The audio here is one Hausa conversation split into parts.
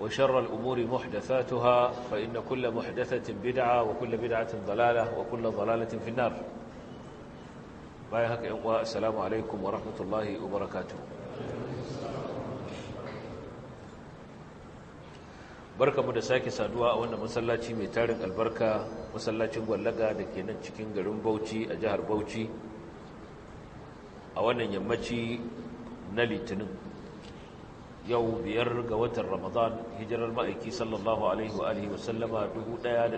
وشر الأمور محدثاتها فإن كل محدثة بدعة وكل بدعة ضلالة وكل ضلالة في النار بايهك إنقواء السلام عليكم ورحمة الله وبركاته barka mu da sake saduwa a wannan masallaci mai tarin albarka masallacin gwallaga da ke nan cikin garin bauchi a jihar bauchi a wannan yammaci na litinin yau biyar ga watan ramadan hijirar ma'aiki sallallahu alaihi wa alihi wasallama 1439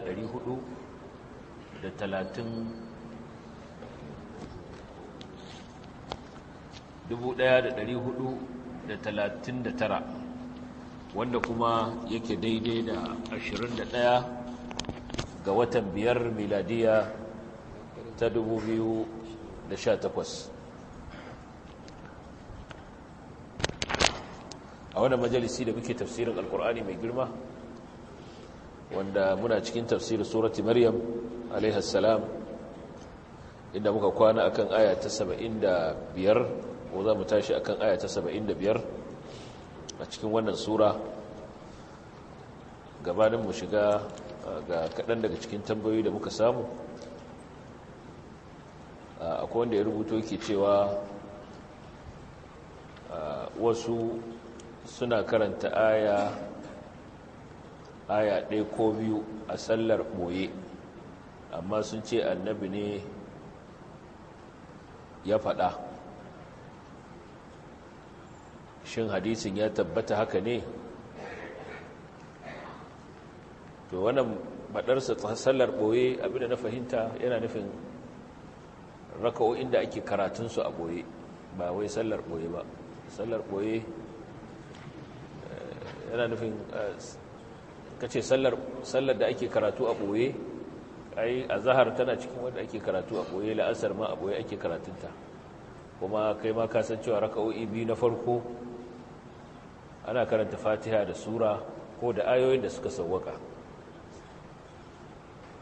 wanda kuma yake daidai da 21 ga watan biyar miladiya ta 2018 a wannan majalisi da muke tafsirin alkur'ani mai girma wanda muna cikin tafsirin surati maryam alaihis salam inda muka kwana akan aya ta 75 ko za mu tashi akan aya ta 75 a cikin wannan sura gabanin mu shiga ga kaɗan daga cikin tambayoyi da muka samu akwai wanda ya rubuto yake cewa wasu suna karanta aya aya ɗaya ko biyu a sallar ɓoye amma sun ce annabi ne ya faɗa shin hadisin ya tabbata haka ne to wannan baɗarsa sallar ɓoye abinda na fahimta yana nufin raka'o inda ake karatunsu a ɓoye ba wai sallar ɓoye ba sallar ɓoye yana nufin eh, ka ce sallar da ake karatu a ɓoye a zahar tana cikin wanda ake karatu a ɓoye la'asar ma a ɓoye ake karatunta kuma kai ma ka san cewa raka'o'i biyu na farko ana karanta fatiha da sura ko da ayoyin da suka sauwaka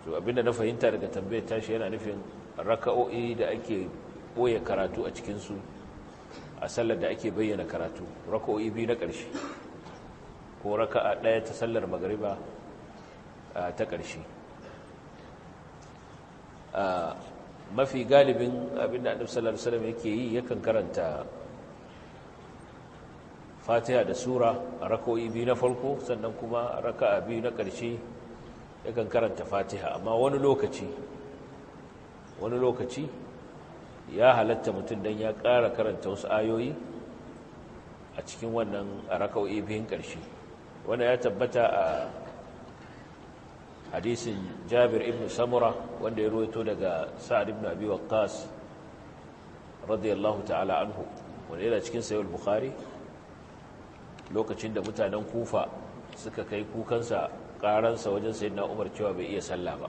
to abinda na fahimta daga tambayar tashi yana nufin raka'o'i da ake ɓoye karatu a cikinsu a sallar da ake bayyana karatu raka'o'i biyu na ƙarshe ko raka'a ɗaya ta sallar magariba ta ƙarshe mafi galibin abinda annabi sallallahu alaihi wasallam yake yi yakan karanta fatiha da sura a rako'i biyu na farko sannan kuma raka'a biyu na ƙarshe yakan karanta fatiha amma wani lokaci wani lokaci ya halatta mutum don ya ƙara karanta wasu ayoyi a cikin wannan a raka'o'i biyun ƙarshe wanda ya tabbata a hadisin jabir ibn samura wanda ya ruwaito daga sa'ad ibn abi waqqas radiyallahu ta'ala anhu wanda yana cikin sayyid bukhari lokacin da mutanen kufa suka kai kukansa karansa wajen na umar cewa bai iya sallah ba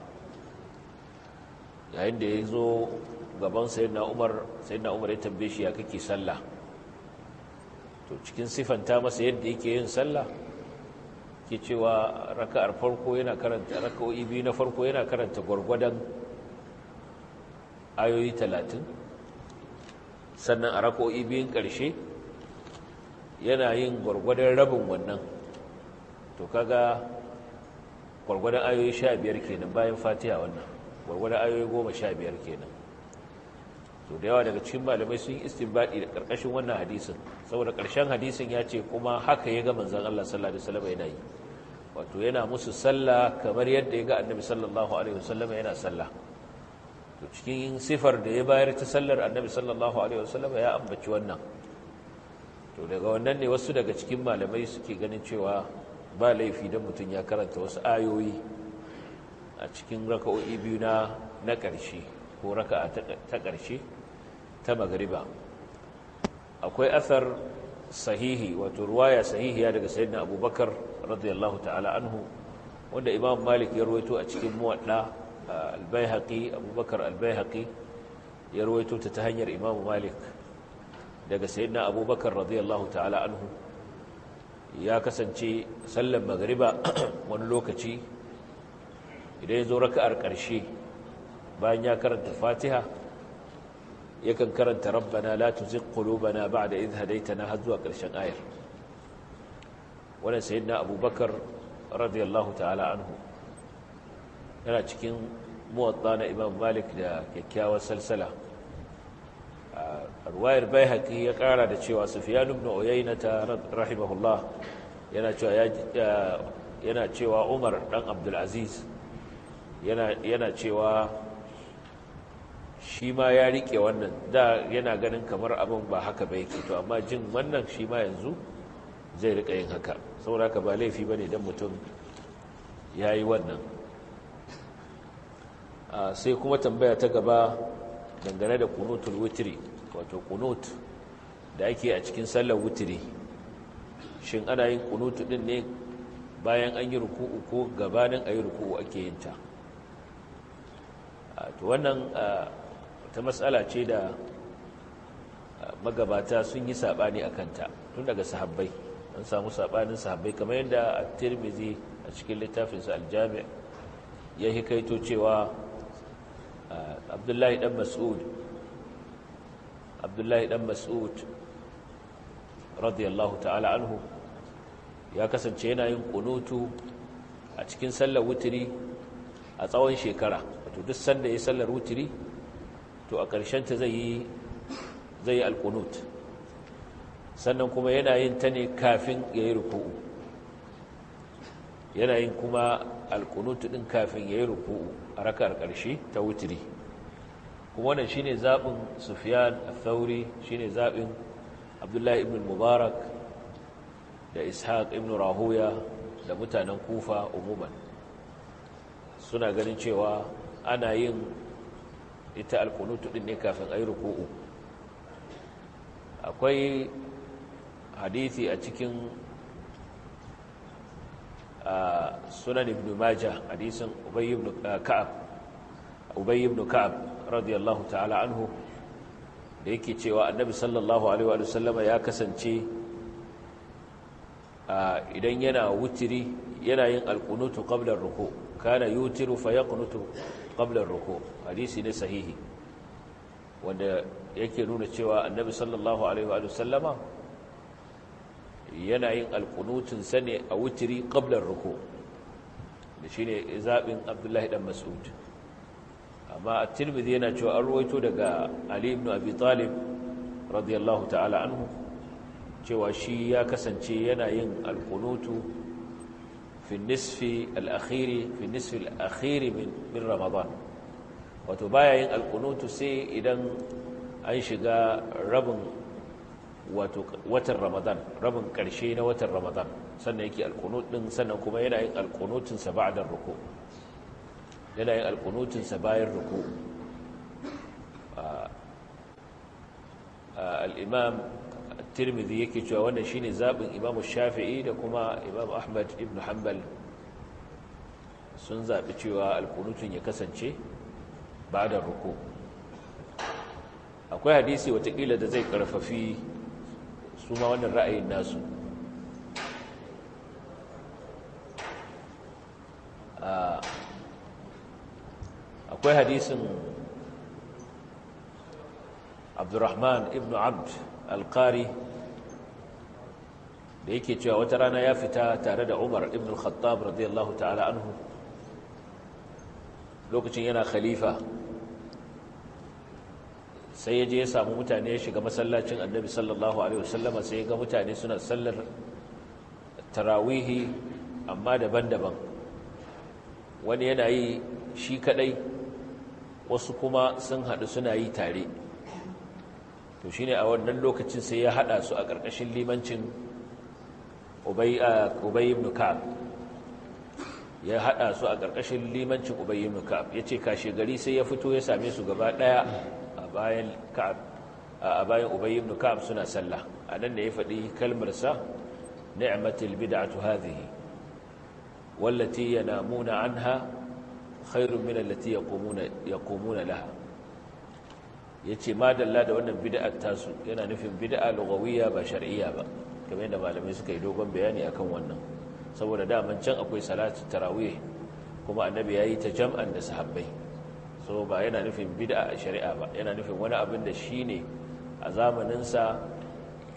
yayin da ya zo gaban sayyidina umar umar ya tambaye shi ya kake sallah to cikin sifanta masa yadda yake yin sallah ke cewa raka'ar farko yana karanta raka'o'i biyu na farko yana karanta gwargwadon ayoyi talatin sannan a raka'o'i biyun ƙarshe yana yin gwargwadon rabin wannan to kaga gwargwadon ayoyi sha biyar kenan bayan fatiha wannan gwargwadon ayoyi goma sha biyar kenan so da yawa daga cikin malamai sun yi istinbadi da karkashin wannan hadisin saboda karshen hadisin ya ce kuma haka ya ga manzon Allah sallallahu alaihi wasallam yana yi wato yana musu sallah kamar yadda ya ga annabi sallallahu alaihi wasallam yana sallah to cikin sifar da ya bayar ta sallar annabi sallallahu alaihi wasallam ya ambaci wannan to daga wannan ne wasu daga cikin malamai suke ganin cewa ba laifi don mutum ya karanta wasu ayoyi a cikin raka'o'i biyu na na ƙarshe ko raka'a ta ƙarshe ta magariba akwai athar sahihi wato ruwaya sahihiya daga sayyidina abubakar radiyallahu ta'ala anhu wanda imam malik ya ruwaito a cikin muwadda albayhaqi abubakar albayhaqi ya ruwaito ta ta hanyar imam malik daga sayyidina abubakar radiyallahu ta'ala anhu ya kasance sallan magariba wani lokaci idan ya zo raka'ar ƙarshe bayan ya karanta fatiha yakan karanta rabbana la tuzigh qulubana ba'da idh hadaytana har zuwa ƙarshen ayar wannan sayyidina abubakar radiyallahu ta'ala anhu yana cikin muwatta na imam malik da kyakkyawar salsala arwayar baihaqi ya ƙara da cewa sufyan ibn uyayna ta rahimahullah yana cewa yana cewa umar dan abdul aziz yana yana cewa shi ma ya rike wannan da yana ganin kamar abin ba haka ba yake to amma jin wannan shi ma yanzu zai rika yin haka saboda ka ba laifi ba ne don mutum ya yi wannan sai kuma tambaya ta gaba dangane da kunutul wutiri wato kunut da ake a cikin sallar wutiri shin ana yin kunutu din ne bayan an yi ruku'u ko gabanin a yi ruku'u ake yinta ta wannan ta matsala ce da magabata sun yi saɓani a kanta tun daga sahabbai an samu saɓanin sahabbai kamar yadda a tirmizi a cikin littafinsa aljami ya hikaito cewa abdullahi dan mas'ud abdullahi dan mas'ud radiyallahu ta'ala anhu ya kasance yana yin kunutu a cikin sallar wutiri a tsawon shekara wato duk sanda ya yi sallar wutiri to a ƙarshen ta zai yi alkunut. sannan kuma yana yin ta ne kafin yi ruku'u yana yin kuma alkunut ɗin kafin yayi ruku'u a raka'ar ƙarshe ta wutiri kuma wannan shine zabin sufiyan al shi shine zaɓin Abdullahi ibn Mubarak da Ishaq ibn Rahuya da mutanen Kufa umuman suna ganin cewa ana yin ita alkunutu ɗin ne kafin ayi ruku'u akwai hadisi a cikin sunan ibn majah hadisin ubay ibn ka'ab ka'ab radiyallahu ta'ala anhu da yake cewa annabi sallallahu alaihi wa sallama ya kasance idan yana wutiri yana yin alkunutu qabla ruku kana yutiru fa yaqnutu Ƙablar ruku hadisi ne sahihi wanda yake nuna cewa annabi sallallahu alaihi wa sallama yana yin alqunutun sane a wutiri ƙablar ruku da shine zabin abdullahi dan mas'ud amma at-tirmidhi yana cewa an ruwaito daga ali ibn abi talib radiyallahu ta'ala anhu cewa shi ya kasance yana yin alqunutu fi nisfi al'akhiri fi min ramadan wato baya yin alkunutu sai idan an shiga rabin watan ramadan rabin karshe na watan ramadan sannan yake alkunut din sannan kuma yana yin alkunutun sa ba'da yana yin alkunutun bayan ruku al tirmidhi yake cewa wannan shine zabin imamu shafi'i da kuma imamu ahmad ibn hanbal sun zabi cewa alkunutun ya kasance ba da ruku akwai hadisi watakila da zai karfafi su ma wannan ra'ayin nasu ah, akwai hadisin abdurrahman ibn abd alƙari da yake cewa wata rana ya fita tare da umar ibn khattab radiyallahu ta'ala anhu lokacin yana khalifa sai ya je ya samu mutane ya shiga masallacin annabi sallallahu alaihi wasallama sai ya ga mutane suna sallar tarawihi amma daban-daban wani yana yi shi kadai wasu kuma sun haɗu suna yi tare to shine a wannan lokacin sai ya haɗa su a ƙarƙashin limancin ubayi uh, ibn ka'ab ya hada su a ƙarƙashin limancin ubayi ibn ka'ab ya ce kashe gari sai ya fito ya same su gaba ɗaya a bayan ka'ab ibn ka'ab suna sallah a nan da ya faɗi kalmarsa ni'matul bid'atu hadhihi wallati yanamuna anha khairun min allati yaqumuna yaqumuna laha yace ma da wannan bid'ar tasu yana nufin bid'a lughawiyya ba shar'iyya ba kamar yadda malamai suka yi dogon bayani akan wannan saboda daman can akwai salatu tarawih kuma annabi ya yi ta jam'an da sahabbai so ba yana nufin bid'a a shari'a ba yana nufin wani abin da shi ne a zamaninsa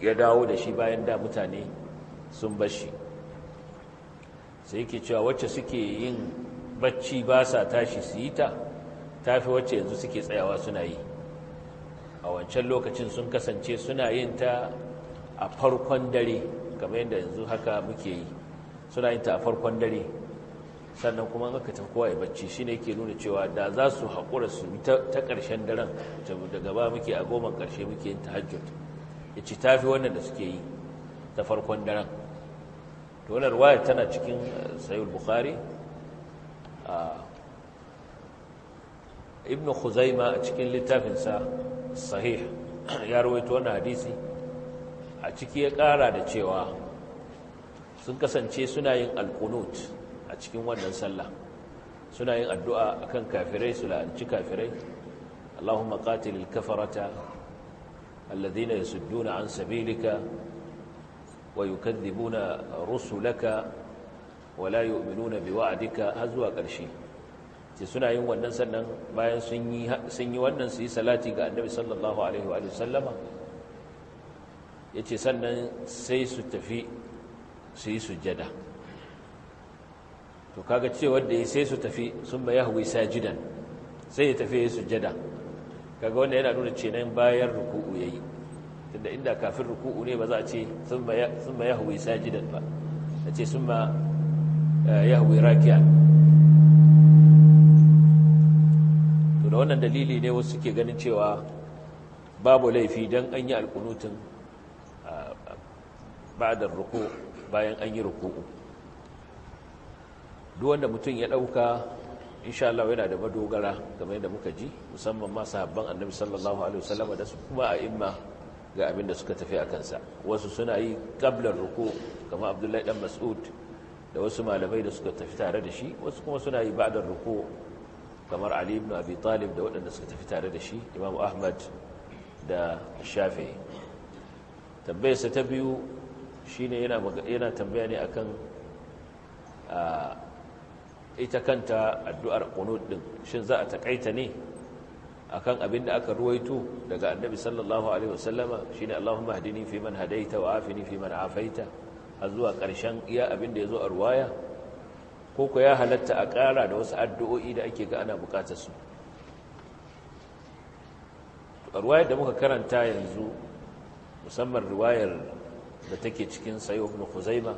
ya dawo da shi bayan da mutane sun bashi sai ke cewa wacce suke yin bacci ba sa tashi su yi ta tafi wacce yanzu suke tsayawa suna yi a wancan lokacin sun kasance suna yin ta a farkon dare kamar yadda yanzu haka muke yi suna yin ta a farkon dare sannan kuma aka tafi kowa ya bacci shine yake nuna cewa da za su haƙura su yi ta ƙarshen daren da gaba muke a goma ƙarshe muke yin hajjot ya ci tafi wannan da suke yi ta farkon daren to wannan tana cikin bukari eh, bukhari ah, ibn khuzaima a cikin littafinsa sahih ya rawaito wannan hadisi a ciki ya ƙara da cewa sun kasance suna yin alkunut a cikin wannan sallah suna yin addu'a akan kafirai su la'anci kafirai Allahumma qatilil kafarata alladhina yasudduna an sabilika wa yukadhibuna rusulaka wa la yu'minuna biwa'dika har zuwa ƙarshe ce suna yin wannan sannan bayan sun yi wannan su yi salati ga annabi sallallahu alaihi wa sallama ya ce sannan sai su tafi su yi sujjada to kaga cewa da ya sai su tafi sun ba yahwai sajidan sai ya tafi ya sujjada kaga wanda yana nuna cenan bayan ruku'u ya yi tunda inda kafin ruku'u ne ba za a ce sun ba yahwai sajidan ba a ce sun ba eh, yahwai rakiya to da wannan dalili ne wasu suke ganin cewa babu laifi don an yi alkunutun ba'da ruku bayan an yi ruku'u duk mutum ya dauka insha yana da madogara game da muka ji musamman ma sahaban Annabi sallallahu alaihi wasallam da su kuma a'imma ga abin da suka tafi a kansa wasu suna yi qabla ruku kamar Abdullahi dan Mas'ud da wasu malamai da suka tafi tare da shi wasu kuma suna yi ba'da ruku kamar Ali ibn Abi Talib da waɗanda suka tafi tare da shi Imam Ahmad da Shafi'i tabbayarsa ta biyu shine yana tambaya ne akan ita kanta addu'ar qunut din shin za a takaita ne akan abin da aka ruwaito daga annabi sallallahu alaihi wasallama shine Allahumma hdini fi man hadaita wa afini fi man afaita har zuwa ƙarshen iya abinda yazo a ruwaya ko ko ya halatta a ƙara da wasu addu'o'i da ake ga ana buƙatar su a ruwayar da muka karanta yanzu musamman riwayar da take cikin sayo ibn khuzaima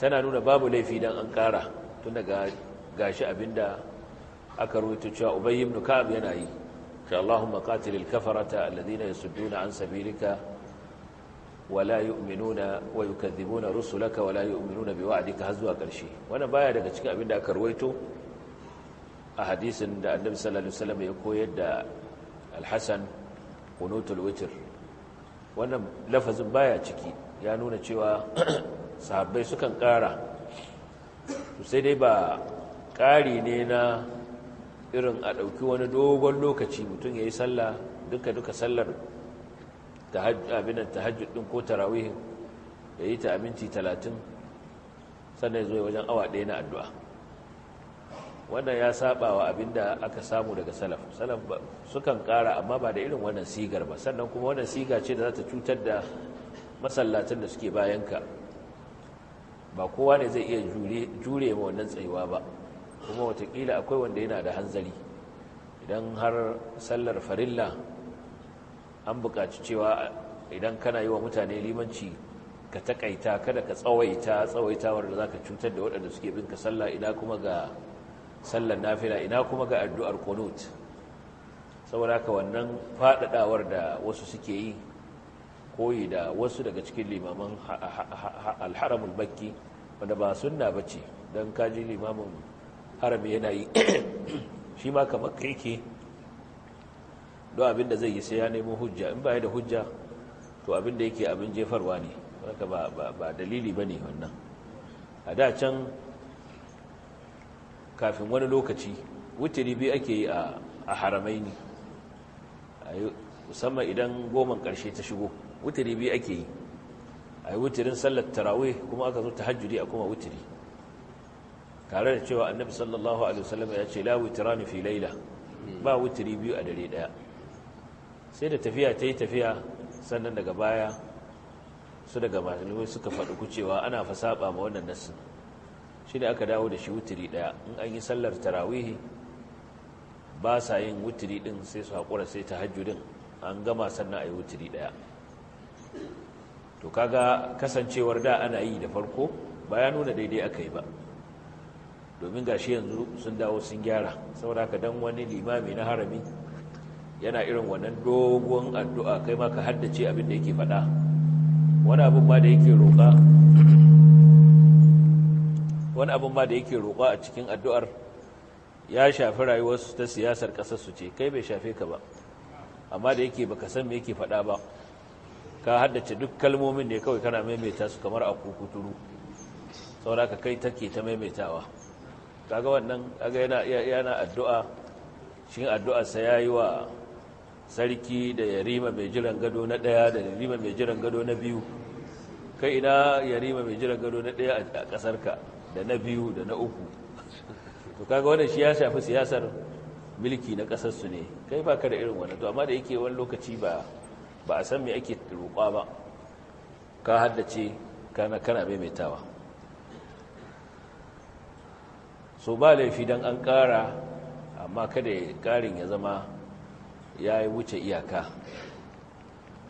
tana nuna babu laifi dan an kara tun daga gashi abinda aka ruwaito cewa ubay ibn ka'ab yana yi ka Allahumma qatil al-kafarata alladhina yasudduna an sabilika wala yu'minuna wa yukadhibuna rusulaka wala yu'minuna biwa'dika hazwa karshe wannan baya daga cikin abinda aka ruwaito a hadisin da Annabi sallallahu alaihi wasallam ya koyar da al-Hasan qunutul witr wannan lafazin baya ciki ya nuna cewa sahabbai sukan kara sai dai ba kari ne na irin a ɗauki wani dogon lokaci mutum ya yi sallah duka-duka sallar abinan tahajjud ɗin ko tarawihin ya yi ta aminti talatin sannan ya wajen awa ɗaya na addu'a wannan ya saba wa da aka samu daga salaf salaf sukan kara amma ba da irin wannan sigar ba sannan kuma wannan siga ce da za ta cutar da masallatan da suke bayanka ba kowa ne zai iya jure ma wannan tsayuwa ba kuma watakila akwai wanda yana da hanzari idan har sallar farilla an buƙaci cewa idan kana yi wa mutane limanci ka takaita kada ka tsawaita tsawaitawar da za ka cutar da waɗanda suke bin ka sallah ina kuma ga sallar nafila ina kuma ga addu'ar konot? saboda ka, wannan fadadawar da wasu suke yi koyi da wasu daga cikin limaman alharamun bakki wanda ba sunna bace dan kaji limamin harami yana yi shi ma kamar yake don abin da zai yi sai ya nemo hujja in baya da hujja to abin da yake abin jefarwa ne ba dalili ba ne wannan a da can kafin wani lokaci wuturi biyu ake yi a haramai ne musamman idan goman ƙarshe ta shigo wuturi biyu ake yi a yi wuturin sallar tarawe kuma aka zo ta hajjuri a kuma wuturi tare da cewa annabi sallallahu alaihi wasallam ya ce la wutirani fi laila ba wuturi biyu a dare daya sai da tafiya ta yi tafiya sannan daga baya su daga malamai suka faɗi kucewa ana fasaba ma wannan nassin shi ne aka dawo da shi wuturi ɗaya in an yi sallar tarawihi ba sa yin wuturi ɗin sai su haƙura sai ta hajjudin an gama sannan a yi wuturi ɗaya to kaga kasancewar da ana yi da farko ba ya nuna daidai aka yi ba domin gashi yanzu sun dawo sun gyara saboda haka dan wani limami na harami yana irin wannan dogon addu'a kai ma ka haddace abin da yake faɗa wani abin ma da yake roƙa wani abin ma da yake roƙa a cikin addu'ar ya shafi rayuwarsu ta siyasar ƙasarsu ce kai bai shafe ka ba amma da yake baka san me yake faɗa ba ka haddace duk kalmomin ne kawai kana maimaita su kamar a kukuturu saboda ka kai take ta maimaitawa kaga wannan kaga yana yana addu'a shin addu'ar sa yayi wa sarki da yarima mai jiran gado na daya da yarima mai jiran gado na biyu kai ina yarima mai jiran gado na daya a ka. da na biyu da na uku to kaga wannan shi ya shafi siyasar mulki na kasar su ne kai ba ka da irin wannan to amma da yake wani lokaci ba ba a san me ake roƙa ba ka haddace kana kana maimaitawa so ba laifi dan an ƙara amma kada ƙarin ya zama ya yi wuce iyaka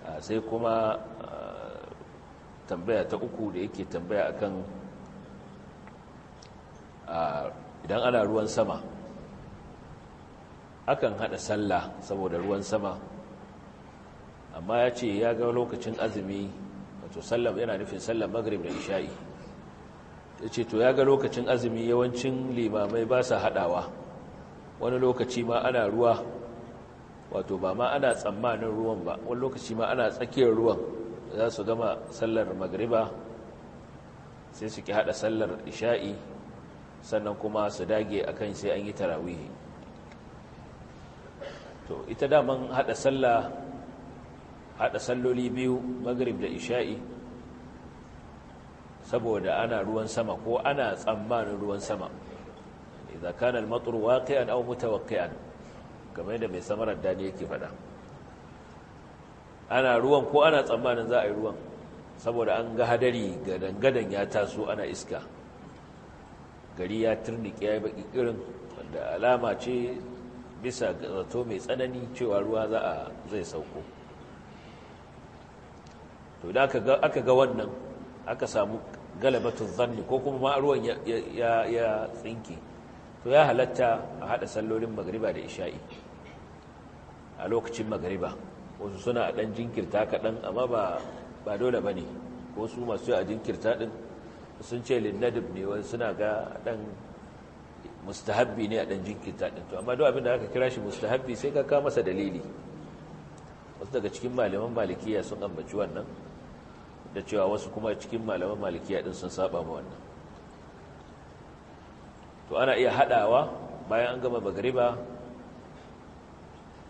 ah, sai kuma ah, tambaya ta uku da yake tambaya akan idan ana ruwan sama akan hada sallah saboda ruwan sama amma ya ce ya ga lokacin azumi wato sallam yana nufin sallar maghrib da isha'i ya ce to ya ga lokacin azumi yawancin limamai ba sa hadawa wani lokaci ma ana ruwa wato ba ma ana tsammanin ruwan ba wani lokaci ma ana tsakiyar ruwan za su gama sallar magariba sai su ki hada sallar isha'i sannan kuma su dage a kan sai an yi tarawihi to ita daman hada sallah hada salloli biyu magrib da isha'i saboda ana ruwan sama ko ana tsammanin ruwan sama idza kana al-matru waqi'an aw mutawaqqi'an kamar da mai samarar dani yake faɗa ana ruwan ko ana tsammanin za a yi ruwan saboda an ga hadari gadan-gadan ya taso ana iska gari ya turnike ya yi baki irin wanda alama ce bisa ga zato mai tsanani cewa ruwa za a zai sauko to da aka ga wannan aka samu galabatun zanni ko kuma ma ruwan ya tsinki to ya halatta a haɗa sallolin magariba da isha'i a lokacin magariba wasu suna ɗan jinkirta kaɗan amma ba dole ba ne ko su masu a jinkirta ɗin sun ce linnadib ne wani suna ga dan mustahabbi ne a dan jinkirta din to amma duk abin da aka kira shi mustahabbi sai ka kama masa dalili wasu daga cikin malaman malikiya sun ambaci wannan da cewa wasu kuma cikin malaman malikiya din sun saba ma wannan to ana iya hadawa bayan an gama magriba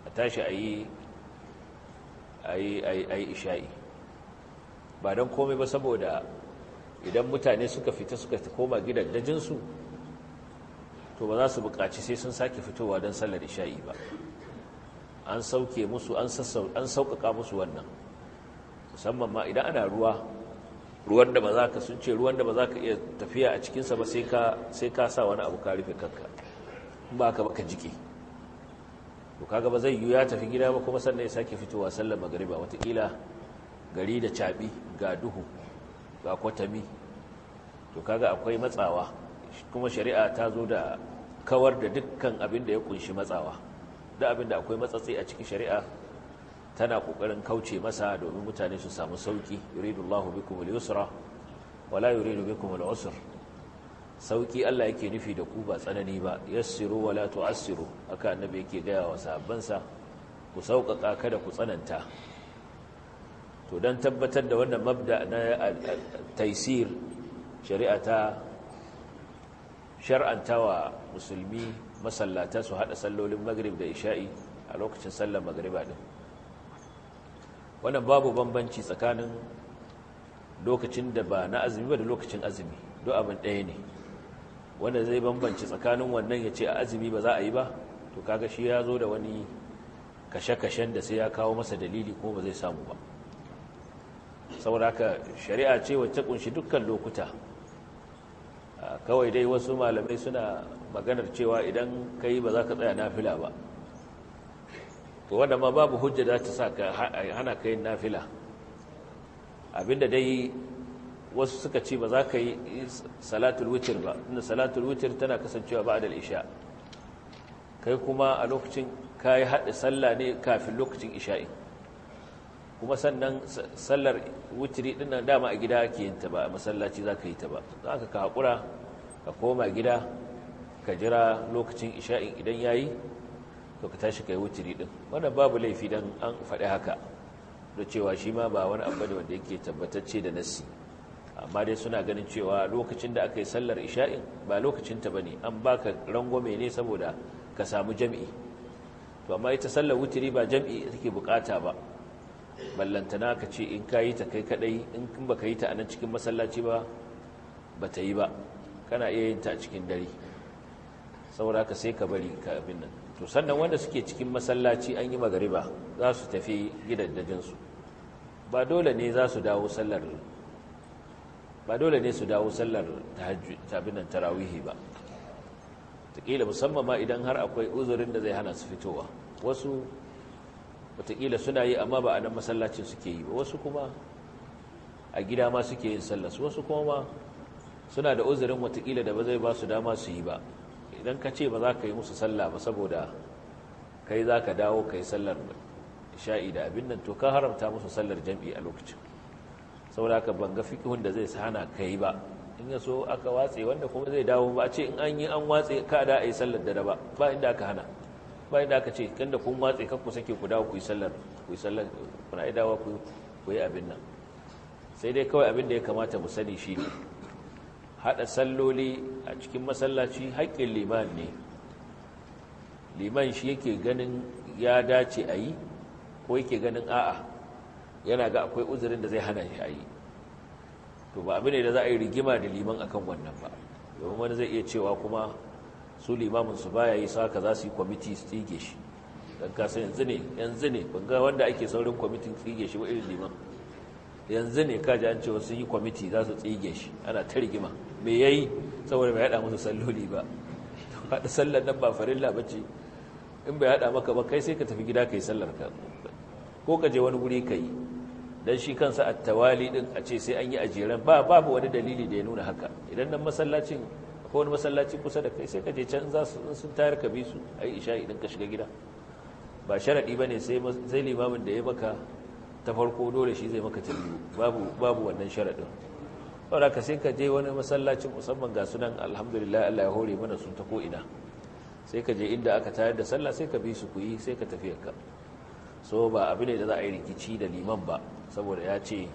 a tashi a yi a yi isha'i ba don komai ba saboda idan mutane suka fita suka koma gidaddajinsu to ba za su buƙaci sai sun sake fitowa don sallar isha'i ba an sauke musu an sauƙaƙa musu wannan musamman ma idan ana ruwa ruwan da ba za ka sun ce ruwan da ba za ka iya tafiya a cikinsa ba sai ka sa wani abu ka rufe kanka ba ka baka jiki to kaga ba zai yi ya tafi gida ba kuma sannan ya sake fitowa sallar magariba watakila gari da caɓi ga duhu ga kwatami to kaga akwai matsawa kuma shari'a ta zo da kawar da dukkan abin da ya kunshi matsawa da abin da akwai matsatsi a cikin shari'a tana kokarin kauce masa domin mutane su samu sauki yuridullahu bikum al-yusra wala yuridu bikum al-usr sauki Allah yake nufi da ku ba tsanani ba yassiru wala tu'assiru aka annabi yake ga wa sa ku sauƙaƙa kada ku tsananta to don tabbatar da wannan mabda na taisir shari'a ta shar'anta wa musulmi masallata su haɗa sallolin magrib da isha'i a lokacin sallar magriba ɗin wannan babu bambanci tsakanin lokacin da ba na azumi ba da lokacin azumi duk abin ɗaya ne wanda zai bambanci tsakanin wannan ya ce a azumi ba za a yi ba to kaga shi ya zo da wani kashe-kashen da sai ya kawo masa dalili kuma ba zai samu ba saboda haka shari'a ce wacce kunshi dukkan lokuta kawai dai wasu malamai suna maganar cewa idan kai yi ba za ka tsaya nafila ba to wanda ma babu hujja za ta sa ka hana ka yin nafila abinda dai wasu suka ce ba za ka yi salatul wutir ba inda salatul wutir tana kasancewa ba da isha kai kuma a lokacin ka yi haɗa sallah ne kafin lokacin isha'i kuma sannan sallar wutiri din nan dama a gida ake yin ta ba masallaci za ka yi ta ba za ka ka haƙura ka koma gida ka jira lokacin isha'in idan ya yi to ka tashi ka yi wutiri din wannan babu laifi don an faɗi haka da cewa shi ma ba wani abu da wanda yake tabbatacce da nassi amma dai suna ganin cewa lokacin da aka yi sallar isha'in ba lokacinta ba ne an ba ka rangwame ne saboda ka samu jam'i to amma ita sallar wutiri ba jam'i take bukata ba ballantana ka ce in ka yi ta kai kadai in ba ka yi ta a nan cikin masallaci ba ba ta yi ba kana iya yin ta a cikin dare saboda ka sai ka bari ka abin nan to sannan wanda suke cikin masallaci an yi magariba za su tafi gidajensu? ba dole ne za su dawo sallar ba dole ne su dawo sallar tabin tarawihi ba taƙila musamman ma idan har akwai uzurin da zai hana su fitowa wasu wataƙila suna yi amma ba a nan masallacin suke yi ba wasu kuma a gida ma suke yin sallas wasu kuma ma suna da uzurin wataƙila da ba zai ba su dama su yi ba idan ka ce ba za ka yi musu sallah ba saboda kai za ka dawo ka yi sallar sha'i da abin nan to ka haramta musu sallar jam'i a lokacin saboda ka banga fikihun da zai hana ka yi ba in ya so aka watse wanda kuma zai dawo ba ce in an yi an watse ka da a yi sallar dare ba ba inda aka hana bayan da aka ce kan da kun matse kan ku sake ku dawo ku yi sallar ku yi sallar kuna yi dawa ku yi abin nan sai dai kawai abin da ya kamata mu sani shi ne hada salloli a cikin masallaci haƙƙin liman ne liman shi yake ganin ya dace a yi ko yake ganin a'a yana ga akwai uzurin da zai hana shi a yi to ba abin ne da za a yi rigima da liman akan wannan ba domin wani zai iya cewa kuma su limamin su baya yi saka za su yi kwamiti su tsige shi dan kasa yanzu ne yanzu ne banga wanda ake saurin kwamitin tsige shi ba irin liman yanzu ne ji an cewa sun yi kwamiti za su tsige shi ana ta rigima me yayi saboda bai haɗa musu salloli ba haɗa sallar nan ba farilla bace in bai hada maka ba kai sai ka tafi gida ka yi sallar ka ko ka je wani guri yi. dan shi kansa a tawali din a ce sai an yi ajeren ba babu wani dalili da ya nuna haka idan nan masallacin ko wani masallaci kusa da kai sai ka je can za su sun tayar ka bi su ai isha idan ka shiga gida ba sharaɗi ba ne, sai limamin da ya maka ta farko dole shi zai maka tilbi babu wannan sharaɗin. saboda ka sai ka je wani masallacin musamman ga sunan alhamdulillah Allah ya hore mana sun ta ko'ina. sai ka je inda aka tayar da sallah sai ka bi su kuyi sai ka tafi ka so ba abu ne da za a yi rikici da liman ba saboda ya ce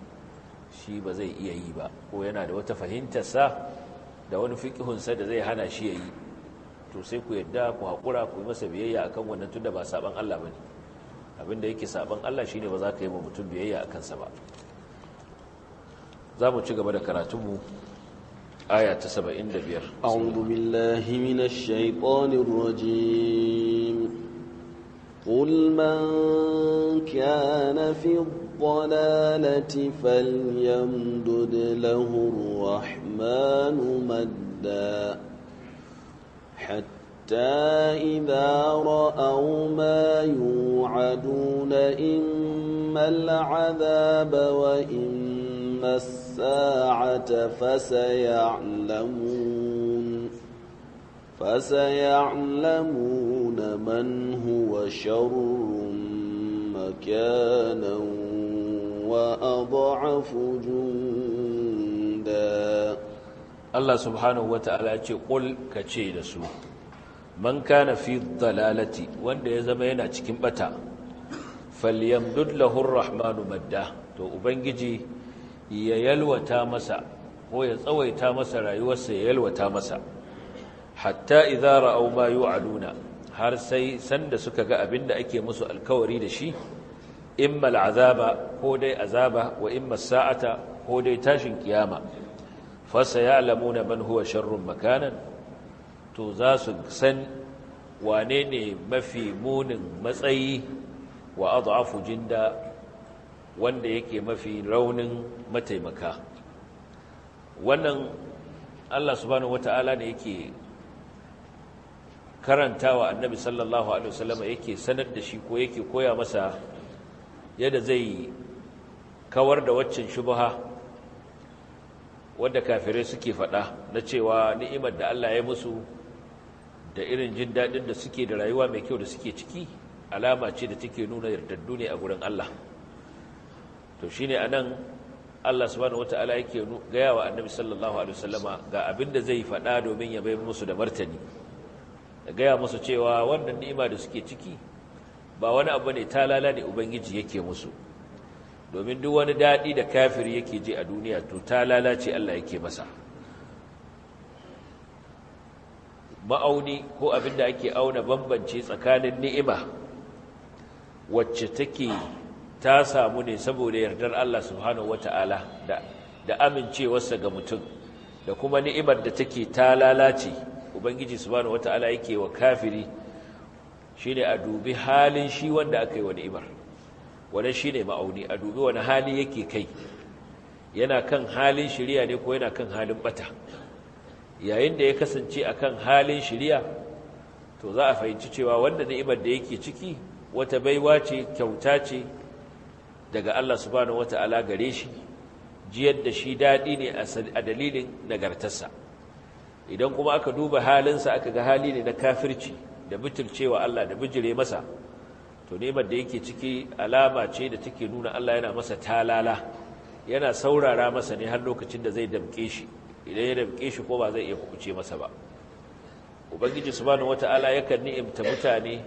shi ba zai iya yi ba ko yana da wata fahimtar sa da wani fikihunsa da zai hana shi ya yi to sai ku yadda ku haƙura ku yi masa biyayya akan wannan tun da ba saɓan Allah ba ne abinda yake saɓan Allah shi ne ba za ka yi ma mutum biyayya a kansa ba za mu ci gaba da karatunmu aya ta saba'in da biyar a'udu billahi minash shaitanir rajim الضلالة فليمدد له الرحمن مدا حتى إذا رأوا ما يوعدون إما العذاب وإما الساعة فسيعلمون فسيعلمون من هو شر مكانا وأضعف جندا الله سبحانه وتعالى قل كشي لسو من كان في الضلالة وان يزمينا تكمبتا فليمدد له الرحمن مدا تو أبنجي يلوتا مسا هو يتويتا مسا لا يوسي يلوتا مسا حتى إذا رأوا ما يوعدون har sai sanda suka ga abin da ake musu alkawari da shi imma al'azaba ko dai azaba wa imma sa'ata ko dai tashin kiyama fasa ya alamuna man huwa sharrun makanan to za su san wane ne mafi munin matsayi wa adhafu jinda wanda yake mafi raunin mataimaka wannan Allah subhanahu wata'ala ne yake karantawa annabi sallallahu alaihi wasallam yake sanar da shi ko yake koya masa yadda zai kawar da waccan shubha wanda kafirai suke faɗa na cewa ni'imar da Allah ya musu da irin jin daɗin da suke da rayuwa mai kyau da suke ciki alama ce da take nuna yardaddu ne a gurin Allah to shine anan Allah subhanahu wataala yake gaya wa Annabi sallallahu alaihi wasallama ga abin da zai faɗa domin ya bai musu da martani da gaya musu cewa wannan ni'ima da suke ciki ba wani abu ne talala ne ubangiji yake musu domin duk wani daɗi da kafiri yake je a duniya to talala ce Allah yake masa ma'auni ko abin da ake auna bambance tsakanin ni'ima wacce take ta samu ne saboda yardar Allah subhanahu wata'ala da da amincewarsa ga mutum da kuma ni'imar da take ta lalace ubangiji subhanahu wata'ala yake wa kafiri shine a dubi halin shi wanda aka yi wa ni'imar wannan shine ma'auni a dubi wani hali yake kai yana kan halin shiriya ne ko yana kan halin bata yayin da ya kasance akan halin shiriya to za a fahimci cewa wanda ni'imar da yake ciki wata baiwa ce kyauta ce daga Allah subhanahu wata'ala gare shi jiyar da shi daɗi ne a dalilin nagartarsa idan kuma aka duba halinsa aka ga hali ne na kafirci da mutuncewa Allah da bijire masa to nemar da yake ciki alama ce da take nuna Allah yana masa talala yana saurara masa ne har lokacin da zai damke shi idan ya damke shi ko ba zai iya kuce masa ba ubangiji subhanahu wataala yakan ni'imta mutane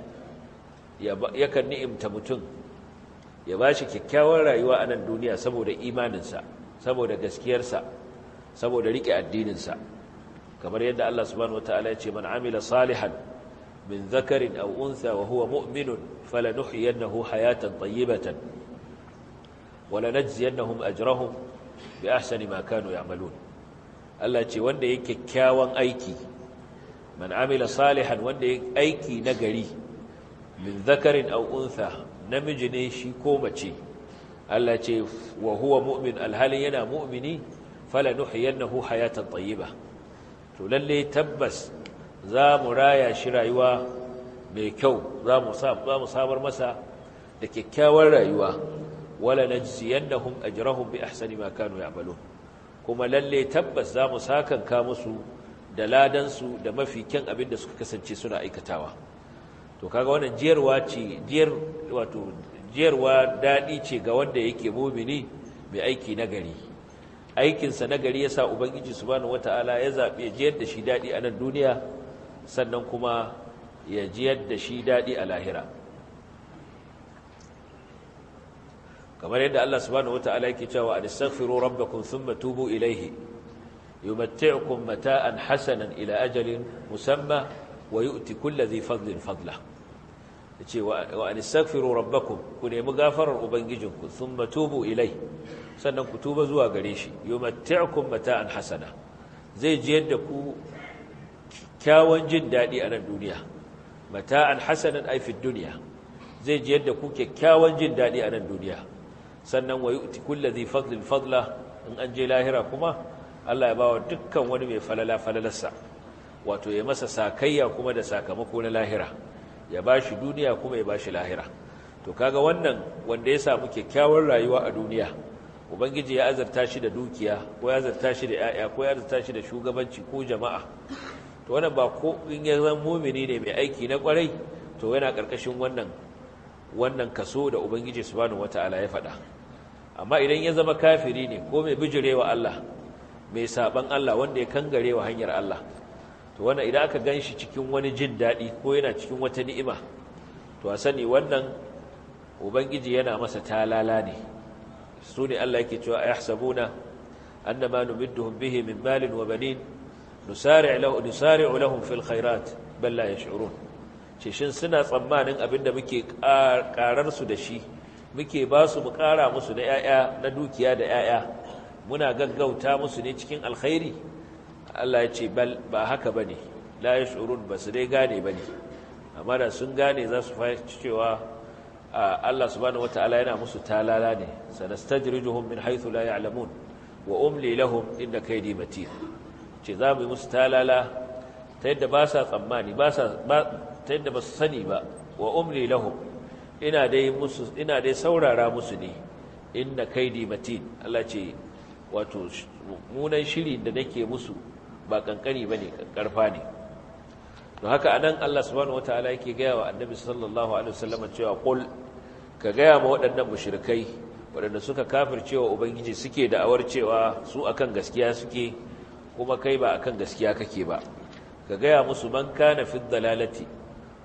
yakan ni'imta mutum ya ba shi kyakkyawar rayuwa a nan duniya saboda imaninsa saboda gaskiyarsa saboda rike addininsa kamar yadda Allah subhanahu wataala ya ce man amila salihan min dhakarin aw untha wa huwa mu'minun falanuhyiyannahu hayatan tayyibatan wa lanajziyannahum ajrahum bi ahsani ma kanu ya'malun Allah ce wanda yake kyakkyawan aiki man amila salihan wanda yake aiki nagari min dhakarin aw untha namiji ne shi ko mace Allah ce wa huwa mu'min alhalin yana mu'mini falanuhyiyannahu hayatan tayyibatan to lalle tabbas za mu raya shi rayuwa mai kyau za mu samar masa da kyakkyawar rayuwa wala na najziyannahum ajrahum bi ahsani ma ya balo kuma lalle tabbas za mu sakanka musu da ladansu da mafi kyan abin da suka kasance suna aikatawa to kaga wannan jiyarwa ce wato jiyarwa daɗi ce ga wanda yake mumini mai aiki na gari. aikinsa na gari ya sa ubangiji subhanahu wata'ala ya zaɓi jiyar da shi daɗi a nan duniya sannan kuma ya jiyar da shi daɗi a lahira kamar yadda Allah subhanahu wata'ala yake cewa an astaghfiru rabbakum thumma tubu ilayhi yumatti'ukum mata'an hasanan ila ajalin musamma wa yu'ti kulli dhi fadlin yace wa anistaghfiru rabbakum ku nemi gafarar ubangijinku sun matubu ilai sannan ku tuba zuwa gare shi yumatti'ukum mata'an hasana zai ji da ku kyawun jin daɗi a nan duniya mata'an hasanan ai fi duniya zai ji da ku kyakkyawan jin daɗi a nan duniya sannan wa yu'ti kulli fadlin fadla in an je lahira kuma Allah ya bawa dukkan wani mai falala falalarsa wato ya masa sakayya kuma da sakamako na lahira ya ba shi duniya kuma ya ba shi lahira to kaga wannan wanda ya samu kyakkyawar rayuwa a duniya ubangiji ya azarta shi da dukiya ko ya azarta shi da 'ya'ya ko ya azarta shi da shugabanci ko jama'a to wannan ba ko in ya zan mumini ne mai aiki na kwarai to yana karkashin wannan wannan kaso da ubangiji subhanahu wataala ya faɗa amma idan ya zama kafiri ne ko mai bijirewa Allah mai saban Allah wanda ya kangarewa hanyar Allah wannan idan aka gan shi cikin wani jin daɗi ko yana cikin wata ni'ima to a sani wannan ubangiji yana masa talala ne su ne Allah yake cewa ayahsabuna annama numidduhum bihi min malin wa banin nusari'u lahum fil khairat bal la yash'urun ce shin suna tsammanin abinda muke karar su da shi muke ba su mu kara musu na 'ya'ya na dukiya da 'ya'ya muna gaggauta musu ne cikin alkhairi Allah ya ce ba haka ba ne la shurun ba su dai gane ba ne amma da sun gane za su fahimci cewa Allah subhanahu ta'ala yana musu talala ne sanastajrijuhum min haythu la ya'lamun wa umli lahum inna kaydi matin ce za mu yi musu talala ta yadda ba sa tsammani ba sa ta yadda ba su sani ba wa umli lahum ina dai musu ina dai saurara musu ne inna kaydi matin Allah ce wato munan shiri da nake musu ba kankani ba ne, karfa ne don haka anan Allah subhanahu ta'ala yake gaya wa annabi sallallahu alaihi wasallam cewa qul ka gaya ma waɗannan mushrikai waɗanda suka kafircewa ubangiji suke da'awar cewa su akan gaskiya suke kuma kai ba akan gaskiya kake ba ka gaya musu man kana fi dalalati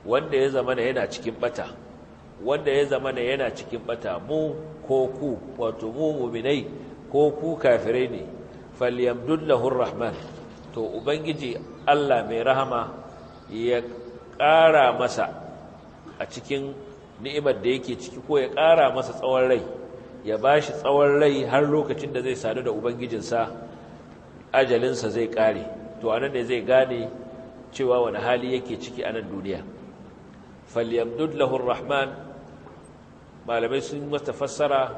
wanda ya zama yana cikin bata wanda ya zama yana cikin bata mu ko ku wato mu mu'minai ko ku kafirai ne falyamdullahu rahman to ubangiji Allah mai rahama ya ƙara masa a cikin ni'imar da yake ciki ko ya ƙara masa tsawon rai ya ba shi tsawon rai har lokacin da zai sadu da ubangijinsa ajalinsa zai ƙare to anan ne zai gane cewa wani hali yake ciki a nan duniya falyamdud lahur rahman malamai sun mata fassara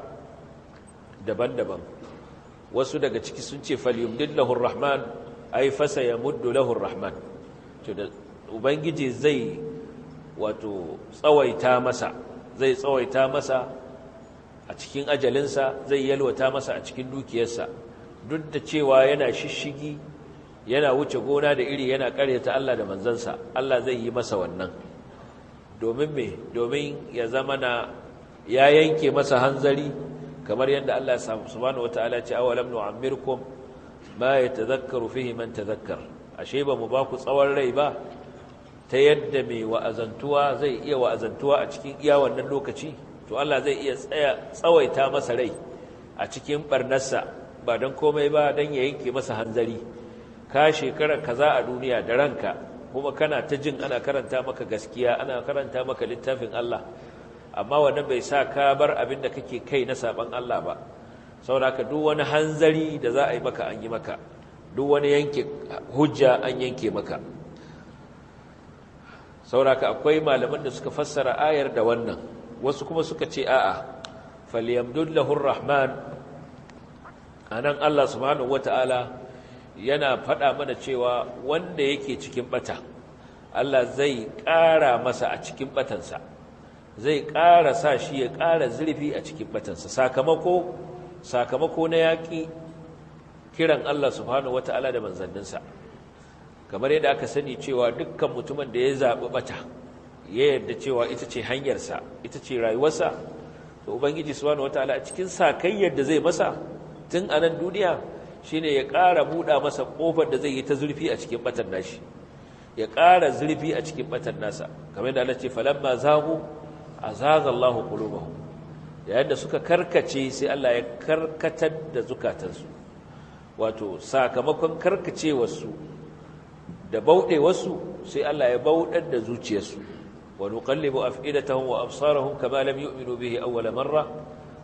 daban-daban wasu daga ciki sun ce falyamdud lahur rahman ai fasa ya muddu lahu rahman to da ubangiji zai wato tsawaita masa zai tsawaita masa a cikin ajalinsa zai yalwata masa a cikin dukiyarsa duk da cewa yana shishigi yana wuce gona da iri yana karyata Allah da manzansa Allah zai yi masa wannan domin me domin ya zama na ya yanke masa hanzari kamar yadda Allah subhanahu wataala ya ce awalam nu'ammirkum ya yatazakkaru fihi man tazakkar ashe ba mu ba ku tsawon rai ba ta yadda mai wa'azantuwa zai iya wa'azantuwa a cikin iya wannan lokaci to Allah zai iya tsaya tsawaita masa rai a cikin barnarsa ba don komai ba don ya yanke masa hanzari ka shekara kaza a duniya da ranka kuma kana ta jin ana karanta maka gaskiya ana karanta maka littafin Allah amma wannan bai sa ka bar abin da kake kai na saban Allah ba Sauraka ka duk wani hanzari da za a yi maka an yi maka duk wani yanke hujja an yanke maka sauraka akwai malaman da suka fassara ayar da wannan wasu kuma suka ce a'a falyamdullahu a anan Allah subhanahu wataala yana faɗa mana cewa wanda yake cikin bata Allah zai ƙara masa a cikin batansa zai ƙara sa shi ya ƙara zurfi a cikin batansa sakamako sakamako na yaƙi kiran Allah subhanahu wata'ala da manzanninsa kamar yadda aka sani cewa dukkan mutumin da ya zaɓi ɓata, ya yarda cewa ita ce hanyarsa ita ce rayuwarsa da ubangiji subhanahu wata'ala a cikin sakayyar da zai masa tun a nan duniya shine ya ƙara buɗa masa ƙofar da zai yi ta zurfi a cikin ɓatan nashi ya ƙara zurfi a cikin batar nasa kamar yadda Allah ce falamma zahu azagha Allahu qulubahum yayin da suka karkace sai Allah ya karkatar da zukatansu wato sakamakon karkacewarsu da bauɗewarsu sai Allah ya bauɗar da zuciyarsu wa nuqallibu af'idatahum wa absarahum kama lam yu'minu bihi awwala marra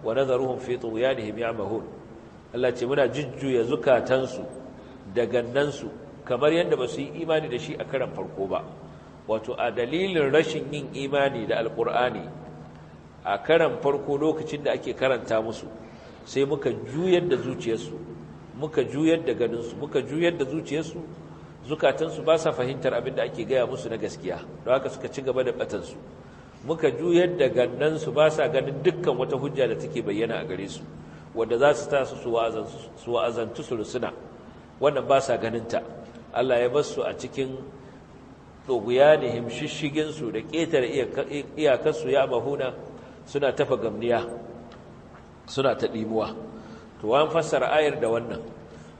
wa nadharuhum fi tughyanihim ya'mahun Allah ce muna jujjuya zukatansu da gannansu kamar yadda ba su yi imani da shi a karan farko ba wato a dalilin rashin yin imani da alkur'ani a karan farko lokacin da ake karanta musu sai muka juyar da zuciyarsu muka juyar da ganinsu muka juyar da zuciyarsu zukatansu ba sa fahimtar abin da ake gaya musu na gaskiya don haka suka ci gaba da batansu muka juyar da gannansu ba sa ganin dukkan wata hujja da take bayyana a gare su wanda za su ta su wa'azantu su rusuna wannan ba sa ganinta Allah ya bar su a cikin tsoguya da himshishiginsu da ƙetare iyakarsu ya mahuna suna tafa gamniya suna ta ɗimuwa to an fassara ayar da wannan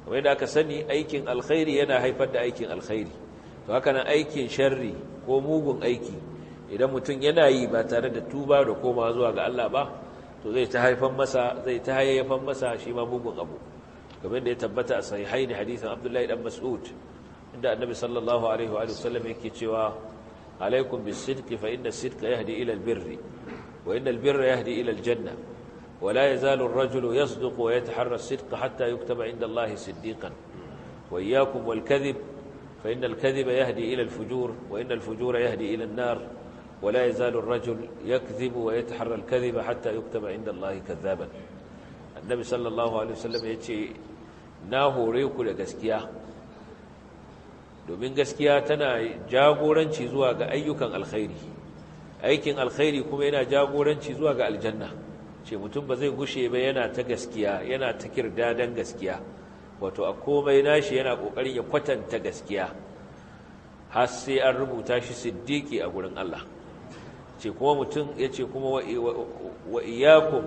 kamar da aka sani aikin alkhairi yana haifar da aikin alkhairi to haka nan aikin sharri ko mugun aiki idan mutum yana yi ba tare da tuba da koma zuwa ga Allah ba to zai ta haifan masa zai ta hayyafan masa shi ma mugun abu kamar da ya tabbata a sahihaini hadisin Abdullahi dan Mas'ud inda Annabi sallallahu alaihi wa sallam yake cewa alaikum bis-sidqi fa inna as-sidqa yahdi ila al-birri وإن البر يهدي إلى الجنة ولا يزال الرجل يصدق ويتحرى الصدق حتى يكتب عند الله صديقا وإياكم والكذب فإن الكذب يهدي إلى الفجور وإن الفجور يهدي إلى النار ولا يزال الرجل يكذب ويتحرى الكذب حتى يكتب عند الله كذابا النبي صلى الله عليه وسلم يتشي ناهو ريكو لغسكيا domin gaskiya tana jagoranci zuwa ga ayyukan alkhairi aikin alkhairi kuma yana jagoranci zuwa ga aljanna ce mutum ba zai gushe ba yana ta gaskiya yana ta kirdadan gaskiya wato a komai nashi yana kokarin ya kwatanta gaskiya har sai an rubuta shi Siddiki a gurin Allah ce kuma mutum yace kuma wa iyyakum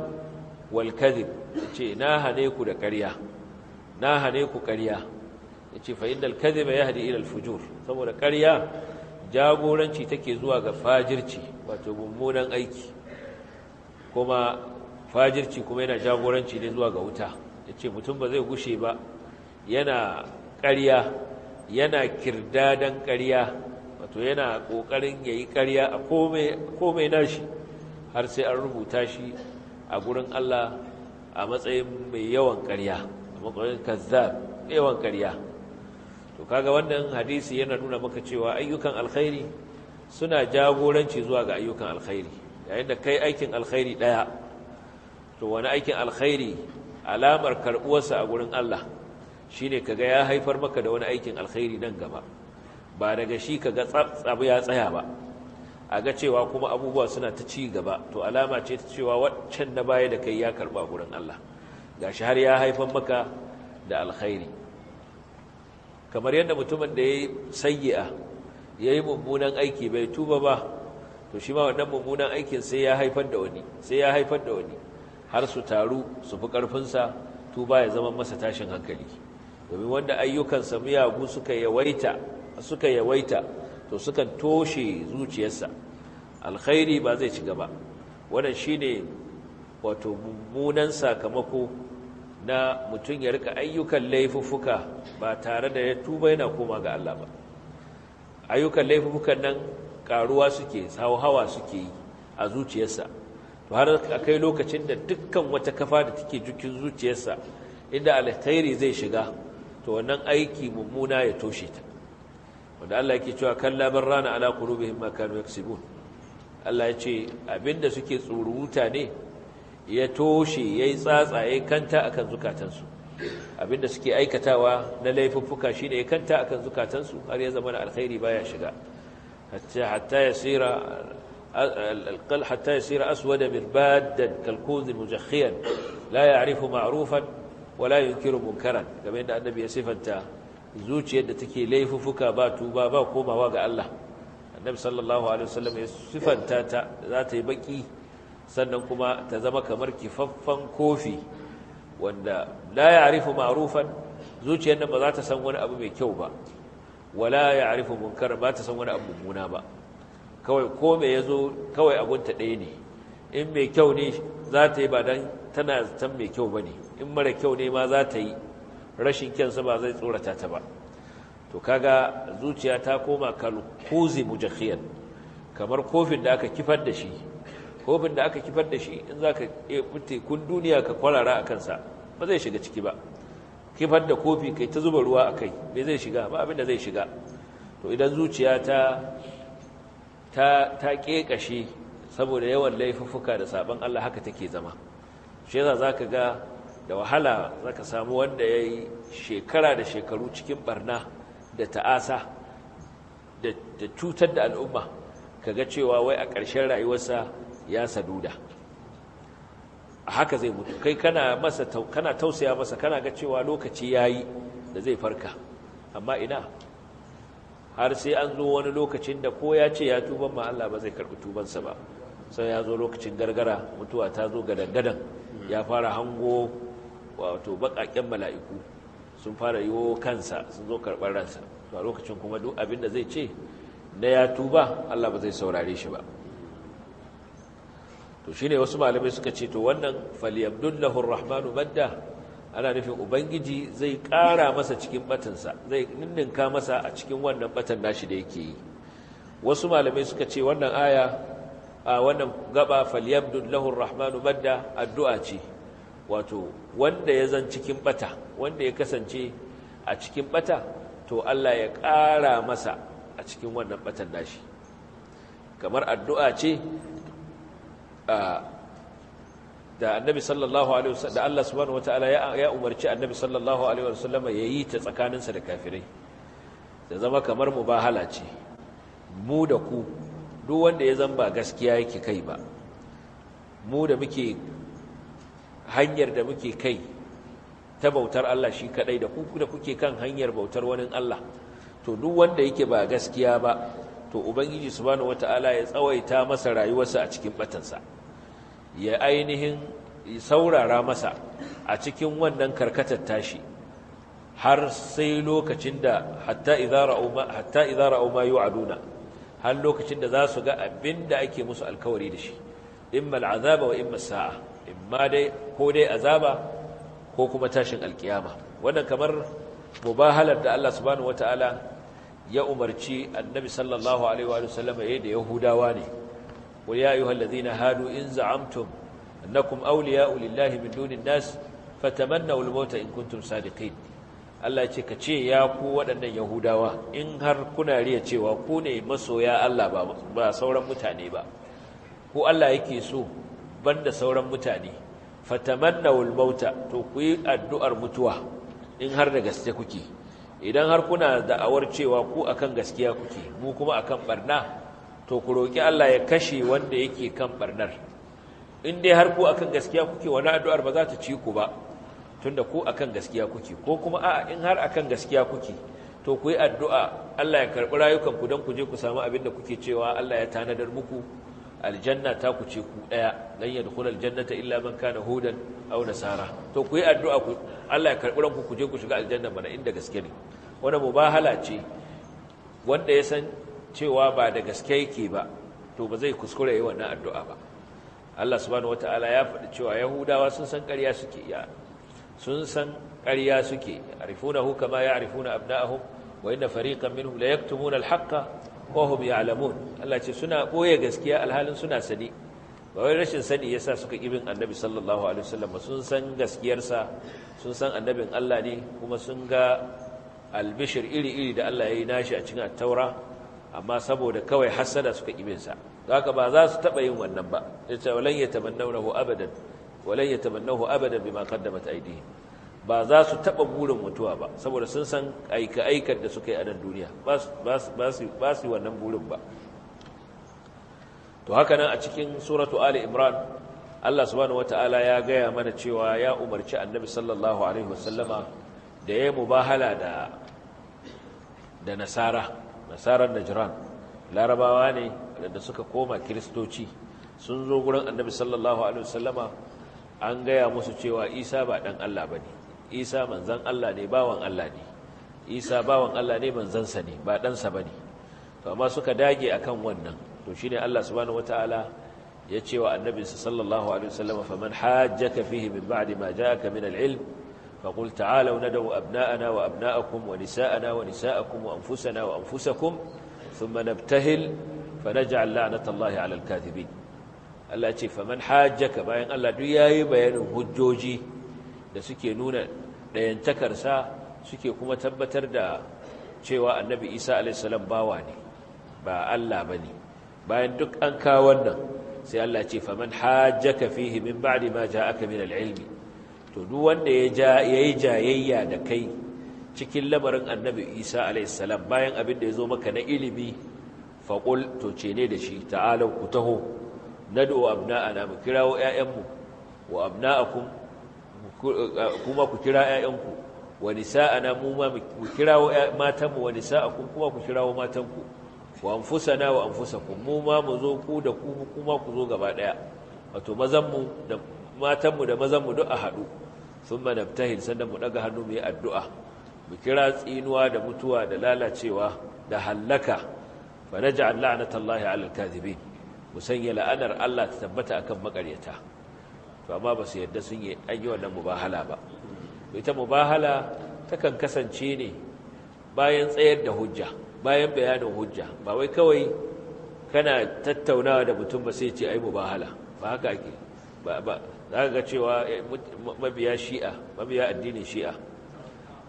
wal kadhib ce na hane ku da ƙarya na hane ku ƙarya yace fa innal kadhiba yahdi ila al fujur saboda ƙarya jagoranci take zuwa ga fajirci wato mummunan aiki kuma fajirci kuma yana jagoranci ne zuwa ga wuta ya ce mutum ba zai gushe ba yana ƙarya yana kirdadan ƙarya wato yana ƙoƙarin ya yi ƙarya a komai nashi har sai an rubuta shi a gurin Allah a matsayin mai yawan ƙarya a matsayin kazzab yawan ƙarya to kaga wannan hadisi yana nuna maka cewa ayyukan alkhairi suna jagoranci zuwa ga ayyukan alkhairi yayin da kai aikin alkhairi daya to wani aikin alkhairi alamar karbuwarsa a gurin Allah shine kaga ya haifar maka da wani aikin alkhairi nan gaba ba daga shi kaga tsab ya tsaya ba a ga cewa kuma abubuwa suna ta ci gaba to alama ce ta cewa waccan na baya da kai ya karba gurin Allah gashi har ya haifar maka da alkhairi kamar yadda mutumin da ya sayi'a ya yi mummunan aiki bai tuba ba to shi ma wannan mummunan aikin sai ya haifar da wani sai ya haifar da wani har su taru su fi ƙarfinsa tuba ya zama masa tashin hankali domin wanda ayyukan miyagu suka yawaita suka yawaita to suka toshe zuciyarsa alkhairi ba zai ci gaba wannan shine wato mummunan sakamako na mutum ya rika ayyukan laifuffuka ba tare da ya tuba yana koma ga Allah ba ayyukan laifuffukan nan karuwa suke hawa suke yi a zuciyarsa to har akai lokacin da dukkan wata kafa da take jikin zuciyarsa inda alkhairi zai shiga to wannan aiki mummuna ya toshe ta wanda Allah yake cewa kalla rana ala qulubihim ma kanu yaksubun Allah ya ce abinda suke tsururuta ne ya toshe ya yi tsatsa ya kanta akan zukatansu abinda suke aikatawa na laifuffuka shi ne ya kanta akan zukatansu har ya zama da alkhairi baya shiga hatta ya sira aswada mirbadan kalkuz mujakhiyan la ya'rifu ma'rufan wa la yunkiru munkaran kamar yadda annabi ya sifanta zuciyar da take laifuffuka ba tuba ba komawa ga Allah annabi sallallahu alaihi wasallam ya sifanta ta za ta yi baki sannan kuma ta zama kamar kifaffen kofi wanda la ya'rifu ma'rufan zuciyar nan ba za ta san wani abu mai kyau ba wala ya'rifu munkar ba ta san wani abu mummuna ba kawai ko ya yazo kawai abunta ɗaya ne in mai kyau ne za ta yi ba dan tana tan mai kyau ne. in mara kyau ne ma za ta yi rashin kyansa ba zai tsorata ta ba to kaga zuciya ta koma kalkuzi mujakhiyan kamar kofin da aka kifar da shi kofin da aka kifar da shi in za ka tekun duniya ka kwarara a kansa ba zai shiga ciki ba kifar da kofi kai ta zuba ruwa a kai bai zai shiga ba abinda zai shiga to idan zuciya ta ta ta saboda yawan laifuffuka da sabon Allah haka take zama shi yasa ka ga da wahala za ka samu wanda ya yi shekara da shekaru cikin barna da ta'asa da cutar da al'umma ka ga cewa wai a ƙarshen rayuwarsa ya saduda a haka zai mutu kai kana tausaya masa kana ga cewa lokaci yayi da zai farka amma ina har sai an zo wani lokacin da ko ya ce ya tuban ma Allah ba zai karbi tubansa ba sai ya zo lokacin gargara mutuwa ta zo ga ya fara hango wato bakaken mala'iku sun fara yiwo kansa sun zo karɓar ransa to a lokacin kuma duk abin da zai ce na ya tuba Allah ba zai saurare shi ba to shine wasu malamai suka ce to wannan falyabdullahu rahmanu madda ana nufin ubangiji zai ƙara masa cikin batansa zai ninninka masa a cikin wannan batan nashi da yake yi wasu malamai suka ce wannan aya a wannan gaba falyabdullahu rahmanu madda addu'a ce wato wanda ya zan cikin bata wanda ya kasance a cikin bata to Allah ya ƙara masa a cikin wannan batan nashi kamar addu'a ce da annabi sallallahu alaihi wasallam da Allah subhanahu wataala ya umarci annabi sallallahu alaihi wasallam ya yi ta tsakaninsa da kafirai da zama kamar mubahala ce mu da ku duk wanda ya zamba gaskiya yake kai ba mu da muke hanyar da muke kai ta bautar Allah shi kadai da ku da kuke kan hanyar bautar wani Allah to duk wanda yake ba gaskiya ba to ubangiji subhanahu wataala ya tsawaita masa rayuwarsa a cikin batansa ya ainihin saurara masa a cikin wannan karkatar tashi har sai lokacin da hatta idara hatta idara ma yu'aduna har lokacin da za su ga abinda ake musu alkawari da shi imma al'azaba wa imma sa'a imma dai ko dai azaba ko kuma tashin alkiyama wannan kamar mubahalar da Allah subhanahu wataala ya umarci annabi sallallahu alaihi wa sallama yayin da yahudawa ne qul ya ayyuhallazina hadu in za'amtum annakum awliya'u lillahi min dunin nas fatamannaw al-mauta in kuntum sadiqin Allah ce ka ce ya ku waɗannan yahudawa in har kuna riya cewa ku ne masoya Allah ba sauran mutane ba ku Allah yake so banda sauran mutane fatamannawul mauta to ku yi addu'ar mutuwa in har da gaske kuke idan har kuna da'awar cewa ku akan gaskiya kuke mu kuma akan barna to ku roki Allah ya kashe wanda yake kan barnar in dai har ku akan gaskiya kuke wani addu'ar ba za ta ci ku ba tunda ku akan gaskiya kuke ko kuma a'a in har akan gaskiya kuke to ku yi addu'a Allah ya karɓi ku don ku je ku samu abin da kuke cewa Allah ya tanadar muku aljanna ta ku ce ku daya lan yadkhul aljannata illa man kana hudan au nasara to ku yi addu'a ku Allah ya karbi ranku ku je ku shiga aljanna bana inda gaske ne wannan mubahala ce wanda ya san cewa ba da gaske yake ba to ba zai kuskura yi wannan addu'a ba Allah subhanahu wataala ya faɗi cewa yahudawa sun san ƙarya suke ya sun san ƙarya suke arifunahu kama ya'rifuna abna'ahum wa inna fariqan minhum la yaktumuna al-haqqa wahum ya'lamun Allah ce suna ɓoye gaskiya alhalin suna sani ba wai rashin sani ya sa suka kibin annabi sallallahu alaihi wasallam sun san gaskiyarsa sun san annabin Allah ne kuma sun ga albishir iri-iri da Allah ya yi nashi a cikin taura amma saboda kawai hasada suka kibinsa haka ba za su taɓa yin wannan ba ya ce walan ya tamannahu abadan walan ya tamannahu abadan bima qaddamat aydihim ba za su taɓa burin mutuwa ba saboda sun san aika-aikar da suka yi a nan duniya ba su yi wannan burin ba to haka nan a cikin suratu ali imran allah subhanahu wata'ala ya gaya mana cewa ya umarci annabi sallallahu alaihi wasallama da ya yi mubahala da da nasara nasarar da jiran, larabawa ne da suka koma kiristoci sun zo gurin annabi sallallahu alaihi wasallama an gaya musu cewa isa ba ɗan allah ba ne isa manzan Allah ne bawan Allah ne isa bawan Allah ne manzansa ne ba ɗansa ba ne to amma suka dage akan wannan to shine Allah subhanahu ta'ala ya ce wa annabinsa sallallahu alaihi wasallam faman hajjaka fihi min ba'di ma ja'aka min al-ilm فقل تعالوا ندعو أبناءنا وأبناءكم wa ونساءكم وأنفسنا وأنفسكم ثم نبتهل فنجعل لعنة الله على الكاذبين Allah Allah ya ce fa faman hajjaka bayan Allah duk yayi bayanin hujjoji da suke nuna ɗayantakarsa suke kuma tabbatar da cewa annabi isa alaihissalam bawa ne ba allah ba ne bayan duk an kawo wannan sai allah ce faman hajjaka fihi min ba'di ma ja'aka min al-ilmi to duk wanda ya yi jayayya da kai cikin lamarin annabi isa alaihissalam bayan abin da ya zo maka na ilimi faƙul to ce ne da shi ta'alau ku taho nado abna'ana mu kirawo 'ya'yanmu wa abna'akum Eh, kuma ku kira ƴaƴanku wa nisa'ana mu ma ku kira kirawo matanmu wa nisa'akum kuma ku kirawo matanku wa anfusana wa anfusakum mu ma mu zo ku da ku kuma ku zo gaba daya wato mazanmu da matanmu da mazanmu duk a haɗu thumma nabtahil sannan mu daga hannu mu yi addu'a mu kira tsinuwa da mutuwa da lalacewa da hallaka fa naj'al la'natallahi 'alal kadhibin musanya la'anar Allah ta tabbata akan makaryata to amma ba su yadda sun yi an yi wannan mubahala ba ita mubahala takan kasance ne bayan tsayar da hujja bayan bayanin hujja ba wai kawai kana tattaunawa da mutum ba sai ce ai mubahala ba haka ake ba ba za ga cewa eh, mabiya shi'a mabiya addinin shi'a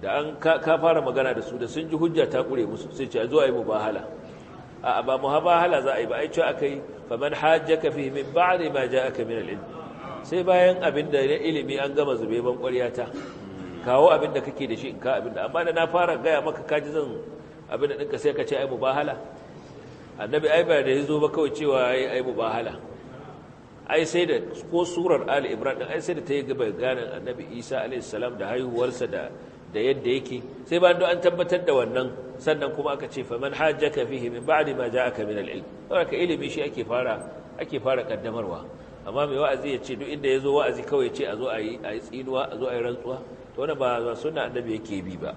da an ka fara magana da su da sun ji hujja ta kure musu sai ce zo ai mubahala a ba muhabahala za a yi ba ai ce akai faman hajjaka fi min ba'di ma aka min al sai bayan abin da na ilimi an gama zube ban ta kawo abin da kake da shi in ka abin da amma da na fara gaya maka kaji zan abin da ɗinka sai ka ce ai mubahala annabi ai ba da ya zo ba kawai cewa ai ai bahala ai sai da ko surar ali ibrahim ai sai da ta yi gaba ganin annabi isa alaihi salam da haihuwarsa da da yadda yake sai ba don an tabbatar da wannan sannan kuma aka ce faman hajjaka fihi min ba'di ma ja'aka min al-ilm ilimi shi ake fara ake fara kaddamarwa amma mai wa'azi ya ce duk inda ya zo wa'azi kawai ya ce a zo a yi tsinuwa a zo a yi rantsuwa to wani ba za suna annabi yake bi ba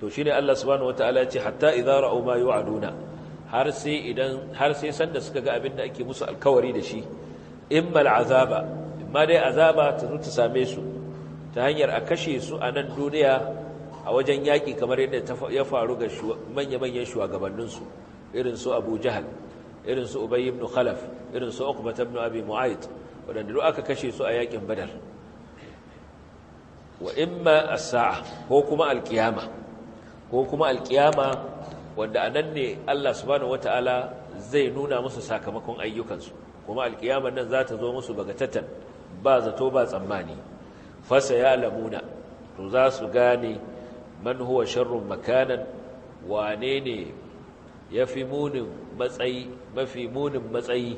to shi ne Allah subhanahu wa ta'ala ya ce hatta idan ra'au ma yi wa'aduna har sai idan har sai sanda suka ga abin da ake musu alkawari da shi azaba in ma dai azaba ta zo ta same su ta hanyar a kashe su a nan duniya a wajen yaƙi kamar yadda ya faru ga manya-manyan shugabanninsu irin su abu jahal irin su Ubay ibn Khalaf irin su Uqba ibn Abi Mu'ayt wadanda duk aka kashe su a yakin Badar wa imma as-sa'a ko kuma al-qiyama ko kuma al-qiyama wanda anan ne Allah subhanahu wataala zai nuna musu sakamakon ayyukansu kuma al nan za ta zo musu bagatatan ba zato ba tsammani fasa ya lamuna to za su gane man huwa sharrun makanan wane ne ya fi munin matsayi mafi munin matsayi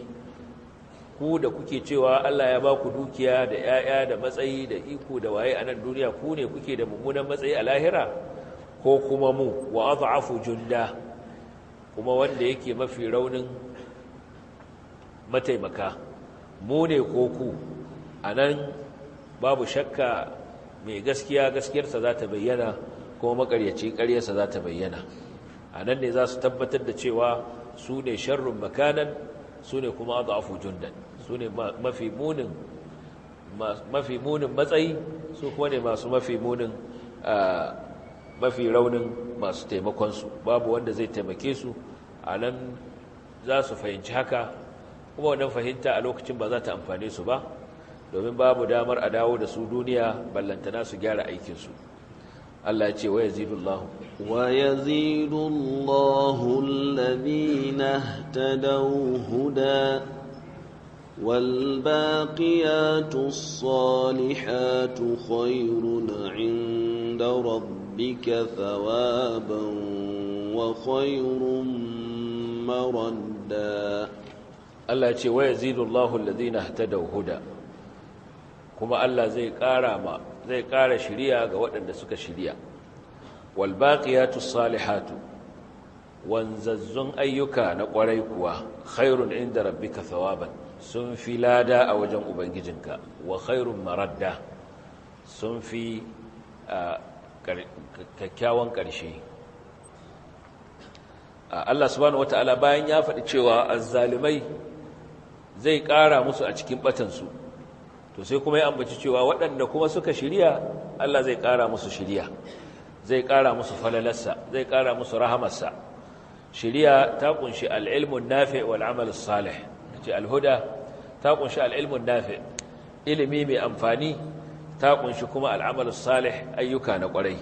ku da kuke cewa Allah ya ba ku dukiya da ‘ya'ya da matsayi da iko da waye a nan duniya ku ne kuke da mummunan matsayi a lahira ko kuma mu wa afu junda kuma wanda yake mafi raunin mataimaka mu ne ko ku a nan babu shakka mai gaskiya gaskiyarsa za ta bayyana ko makaryaci karyarsa za ta bayyana a nan ne za su tabbatar da cewa su ne sharrun makanan su ne kuma adafu jundan su ne mafi munin matsayi su kuma ne masu mafi munin mafi raunin masu taimakonsu babu wanda zai taimake su a nan za su fahimci haka kuma wannan fahimta a lokacin ba za ta amfane su ba domin babu damar a dawo da su duniya ballantana su gyara aikinsu Allah ce wa yazidullahu ويزيد الله الذين اهتدوا هدى والباقيات الصالحات خير عند ربك ثوابا وخير مردا الله ويزيد الله الذين اهتدوا هدى كما الله زي كارما زي كار شريعة وقت أن سك شريعة walbaƙiyatu salihatu wanzazzun ayyuka na ƙwarai kuwa khairun inda rabbika thawaban sun fi lada a wajen ubangijinka wa khairun maradda sun fi kyakkyawan ƙarshe Allah subhanahu wata'ala bayan ya faɗi cewa azzalimai zai ƙara musu a cikin batansu to sai kuma ya ambaci cewa waɗanda kuma suka shirya Allah zai ƙara musu shirya zai ƙara musu falalarsa zai ƙara musu rahamarsa shiriya ta ƙunshi al'ilmun nafe wal salih ce alhuda ta ƙunshi al'ilmun nafi ilimi mai amfani ta ƙunshi kuma al'amal salih ayyuka na kwarai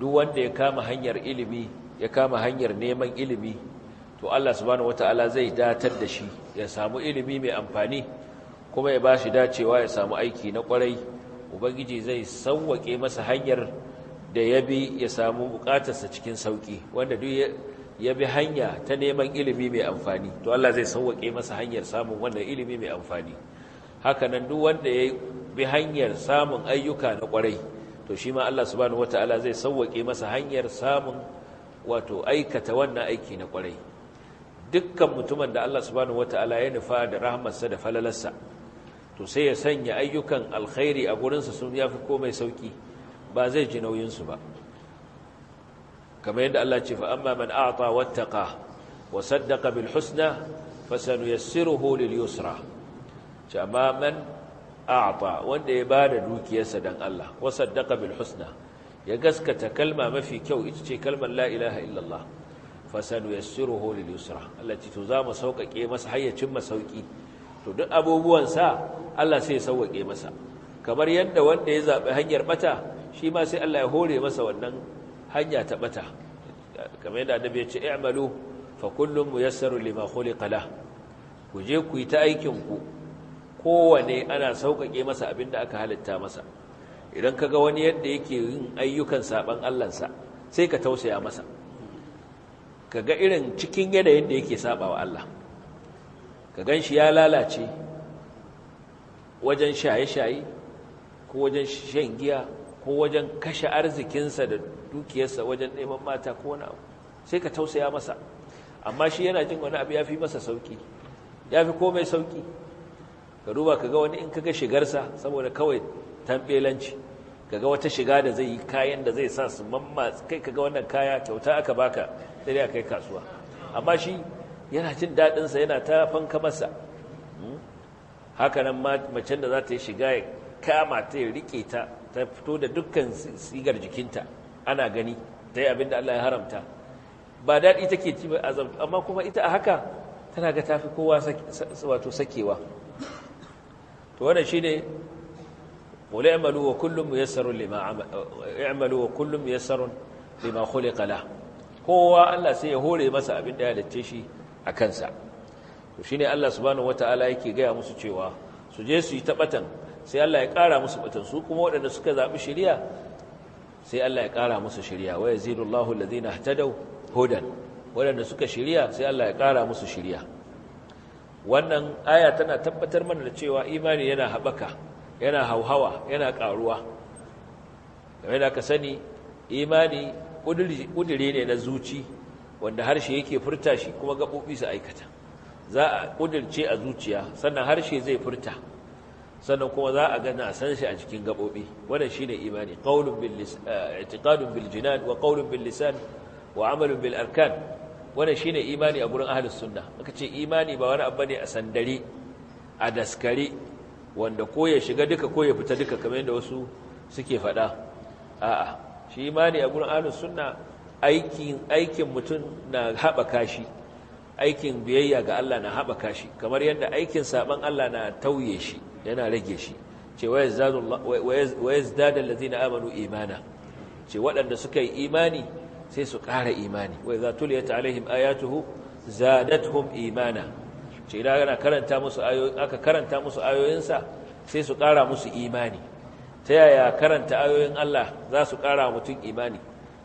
duk wanda ya kama hanyar ilimi ya kama hanyar neman ilimi to Allah subhanahu wataala zai datar da shi ya samu ilimi mai amfani kuma ya bashi dacewa ya samu aiki na kwarai ubangiji zai sauwaƙe masa hanyar da ya bi ya samu bukatarsa cikin sauki wanda duk ya bi hanya ta neman ilimi mai amfani to Allah zai sauwaƙe masa hanyar samun wannan ilimi mai amfani hakanan duk wanda ya bi hanyar samun ayyuka na kwarai to shi ma Allah subhanahu wataala zai sauwaƙe masa hanyar samun wato aikata wannan aiki na kwarai dukkan mutumin da Allah subhanahu wataala ya nufa da rahmarsa da falalarsa to sai ya sanya ayyukan alkhairi a gurinsa sun yafi komai sauki ba zai ji nauyinsu ba kamar yadda Allah ce fa amma man a'ta wattaqa wa saddaqa bil husna fasanuyassiruhu lil yusra ce amma man a'ta wanda ya bada dukiyarsa dan Allah wa saddaqa bil husna ya gaskata kalma mafi kyau ita ce kalmar la ilaha illallah fasanuyassiruhu lil yusra Allah ce to zamu sauƙaƙe masa hayyacin sauƙi. to duk abubuwan sa Allah sai ya sauƙaƙe masa kamar yadda wanda ya zaɓi hanyar bata shi ma sai Allah ya hore masa wannan hanya ta bata kamar yadda annabi ya ce i'malu fa kullum yassaru lima khuliqa kala. ku je ku yi ta aikin ku kowane ana sauƙaƙe masa abin da aka halitta masa idan ka ga wani yadda yake yin ayyukan saban Allahnsa sai ka tausaya masa ka ga irin cikin yanayin da yake sabawa Allah ka gan shi ya lalace wajen shaye-shaye ko wajen shan giya ko wajen kashe arzikinsa da dukiyarsa wajen neman mata ko wani abu sai ka tausaya masa amma shi yana jin wani abu ya fi masa sauki ya fi komai sauki ka duba ka ga wani in ka ga shigarsa saboda kawai tambelanci ka ga wata shiga da zai yi kayan da zai sa su mamma kai ka ga wannan kaya kyauta aka baka sai a kai kasuwa amma shi yana jin daɗinsa yana ta fanka masa hmm? haka nan macen da za ta yi shiga kama ta ya rike ta ta fito da dukkan sigar jikinta ana gani ta yi abin da Allah ya haramta ba daɗi take ci azab amma kuma ita a haka tana ga tafi kowa wato sakewa to wannan shine wale amalu wa kullum muyassarun lima lima khuliqa la kowa Allah sai ya hore masa abin da ya dace shi a kansa to shine Allah subhanahu wataala yake gaya musu cewa su je su yi tabatan sai Allah ya ƙara musu batun su kuma waɗanda suka zaɓi shirya sai Allah ya ƙara musu shirya wa yazidullahu alladhina ihtadaw hudan waɗanda suka shirya sai Allah ya ƙara musu shirya wannan aya tana tabbatar mana da cewa imani yana haɓaka yana hauhawa yana ƙaruwa game da ka sani imani ƙudiri ne na zuci wanda harshe yake furta shi kuma gaɓoɓi su aikata za a ƙudirce a zuciya sannan harshe zai furta sannan kuma za a gana a san shi a cikin gabobi wannan ne imani qaulun bil lisan eh, i'tiqadun bil jinan wa qaulun bil lisan wa Amalin bil arkan wannan ne imani a gurin ahlus sunna aka ce imani ba wani abu ne a sandare a daskare wanda ko ya shiga duka ko ya fita duka kamar yadda wasu suke faɗa a'a shi imani a gurin ahlus sunna aikin aikin mutum na haɓaka shi aikin biyayya ga Allah na haɓaka shi kamar yadda aikin saban Allah na tauye shi yana rage shi ce wa yazdada allazina amanu imana ce waɗanda suka yi imani sai su ƙara imani wa idza tuliyat alaihim ayatuhu zadatuhum imana ce idan ana karanta musu ayoyi aka karanta musu ayoyinsa sai su ƙara musu imani ta yaya karanta ayoyin Allah za su ƙara mutum imani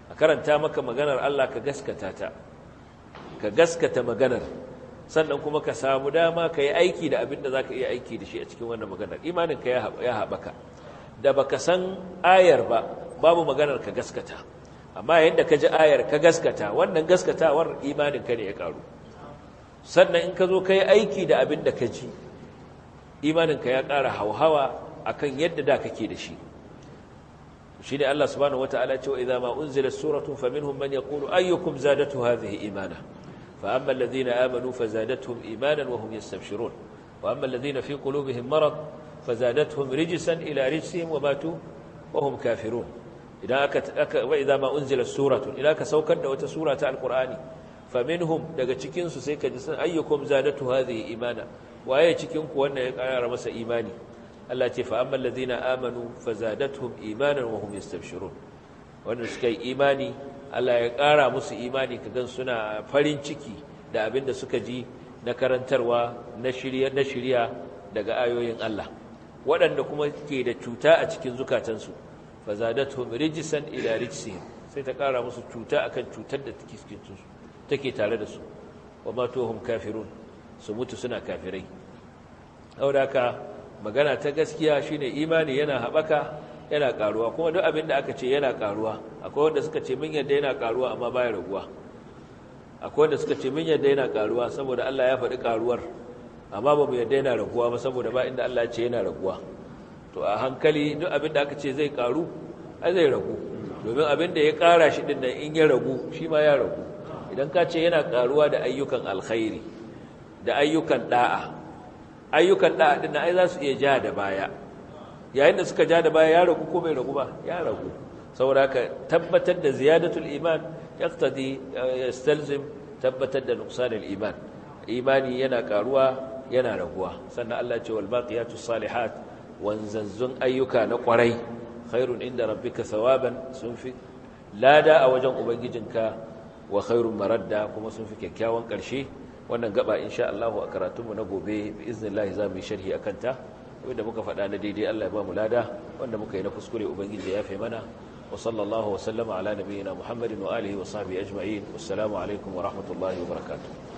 a karanta maka maganar Allah ka gaskata ta ka gaskata maganar sannan kuma ka samu dama ka yi aiki da abin da za ka iya aiki da shi a cikin wannan maganar imaninka ya haɓaka da ba ka san ayar ba babu maganar ka gaskata amma yadda ka ji ayar ka gaskata wannan gaskatawar imaninka ne ya ƙaru sannan in ka zo ka yi aiki da abin da ka ji imaninka ya ƙara hauhawa a kan yadda da kake da shi shi ne Allah subhanahu wa ta'ala cewa idza ma unzilat suratun faminhum man yaqulu ayyukum zadatu hadhihi imana فأما الذين آمنوا فزادتهم إيمانا وهم يستبشرون وأما الذين في قلوبهم مرض فزادتهم رجسا إلى رجسهم وماتوا وهم كافرون إذا أك... أك... وإذا ما أنزل السورة إذا كسوكن وتسورة القرآن فمنهم daga cikin su ka ji san ayyukum zadatu hadhihi imana waye cikin ku wanda ya ƙara masa imani Allah ce fa amma alladhina amanu fazadatuhum imanan suka yi imani Allah ya ƙara musu imani ka gan suna farin ciki da abin da suka ji na karantarwa na shirya daga ayoyin Allah waɗanda kuma ke da cuta a cikin zukatansu Fazadat rijsan ila rijsihim sai ta ƙara musu cuta akan cutar da take cikin su take tare da su wa matuhum kafirun su mutu suna kafirai saboda magana ta gaskiya shine imani yana haɓaka yana karuwa kuma duk abin da aka ce yana karuwa akwai wanda suka ce min yadda yana karuwa amma baya raguwa akwai wanda suka ce min yadda yana karuwa saboda Allah ya faɗi karuwar amma ba mu yadda yana raguwa ba saboda ba inda Allah ya ce yana raguwa to a hankali duk abin da aka ce zai karu ai zai ragu domin abin da ya kara shi din nan in ya ragu shi ma ya ragu idan ka ce yana karuwa da ayyukan alkhairi da ayyukan da'a ayyukan da'a din ai za su iya ja da baya yayin da suka ja da baya ya ragu ko bai ragu ba ya ragu saboda haka tabbatar da ziyadatul iman yaqtadi eh, yastalzim tabbatar da nuqsanul iman imani yana karuwa yana raguwa sannan Allah ce wal baqiyatus salihat wanzanzun ayyuka na kwarai khairun inda rabbika thawaban sun fi lada a wajen ubangijinka wa khairun maradda kuma sun fi kyakkyawan karshe wannan gaba insha Allah a karatunmu na gobe bi iznillahi za mu yi sharhi akan ta wanda muka faɗa na daidai Allah ya ba mu lada wanda muka yi na kuskure ubangiji ya yafe mana wa sallallahu wa sallama ala nabiyyina Muhammadin wa alihi wa sahbihi ajma'in wassalamu alaikum wa rahmatullahi wa barakatuh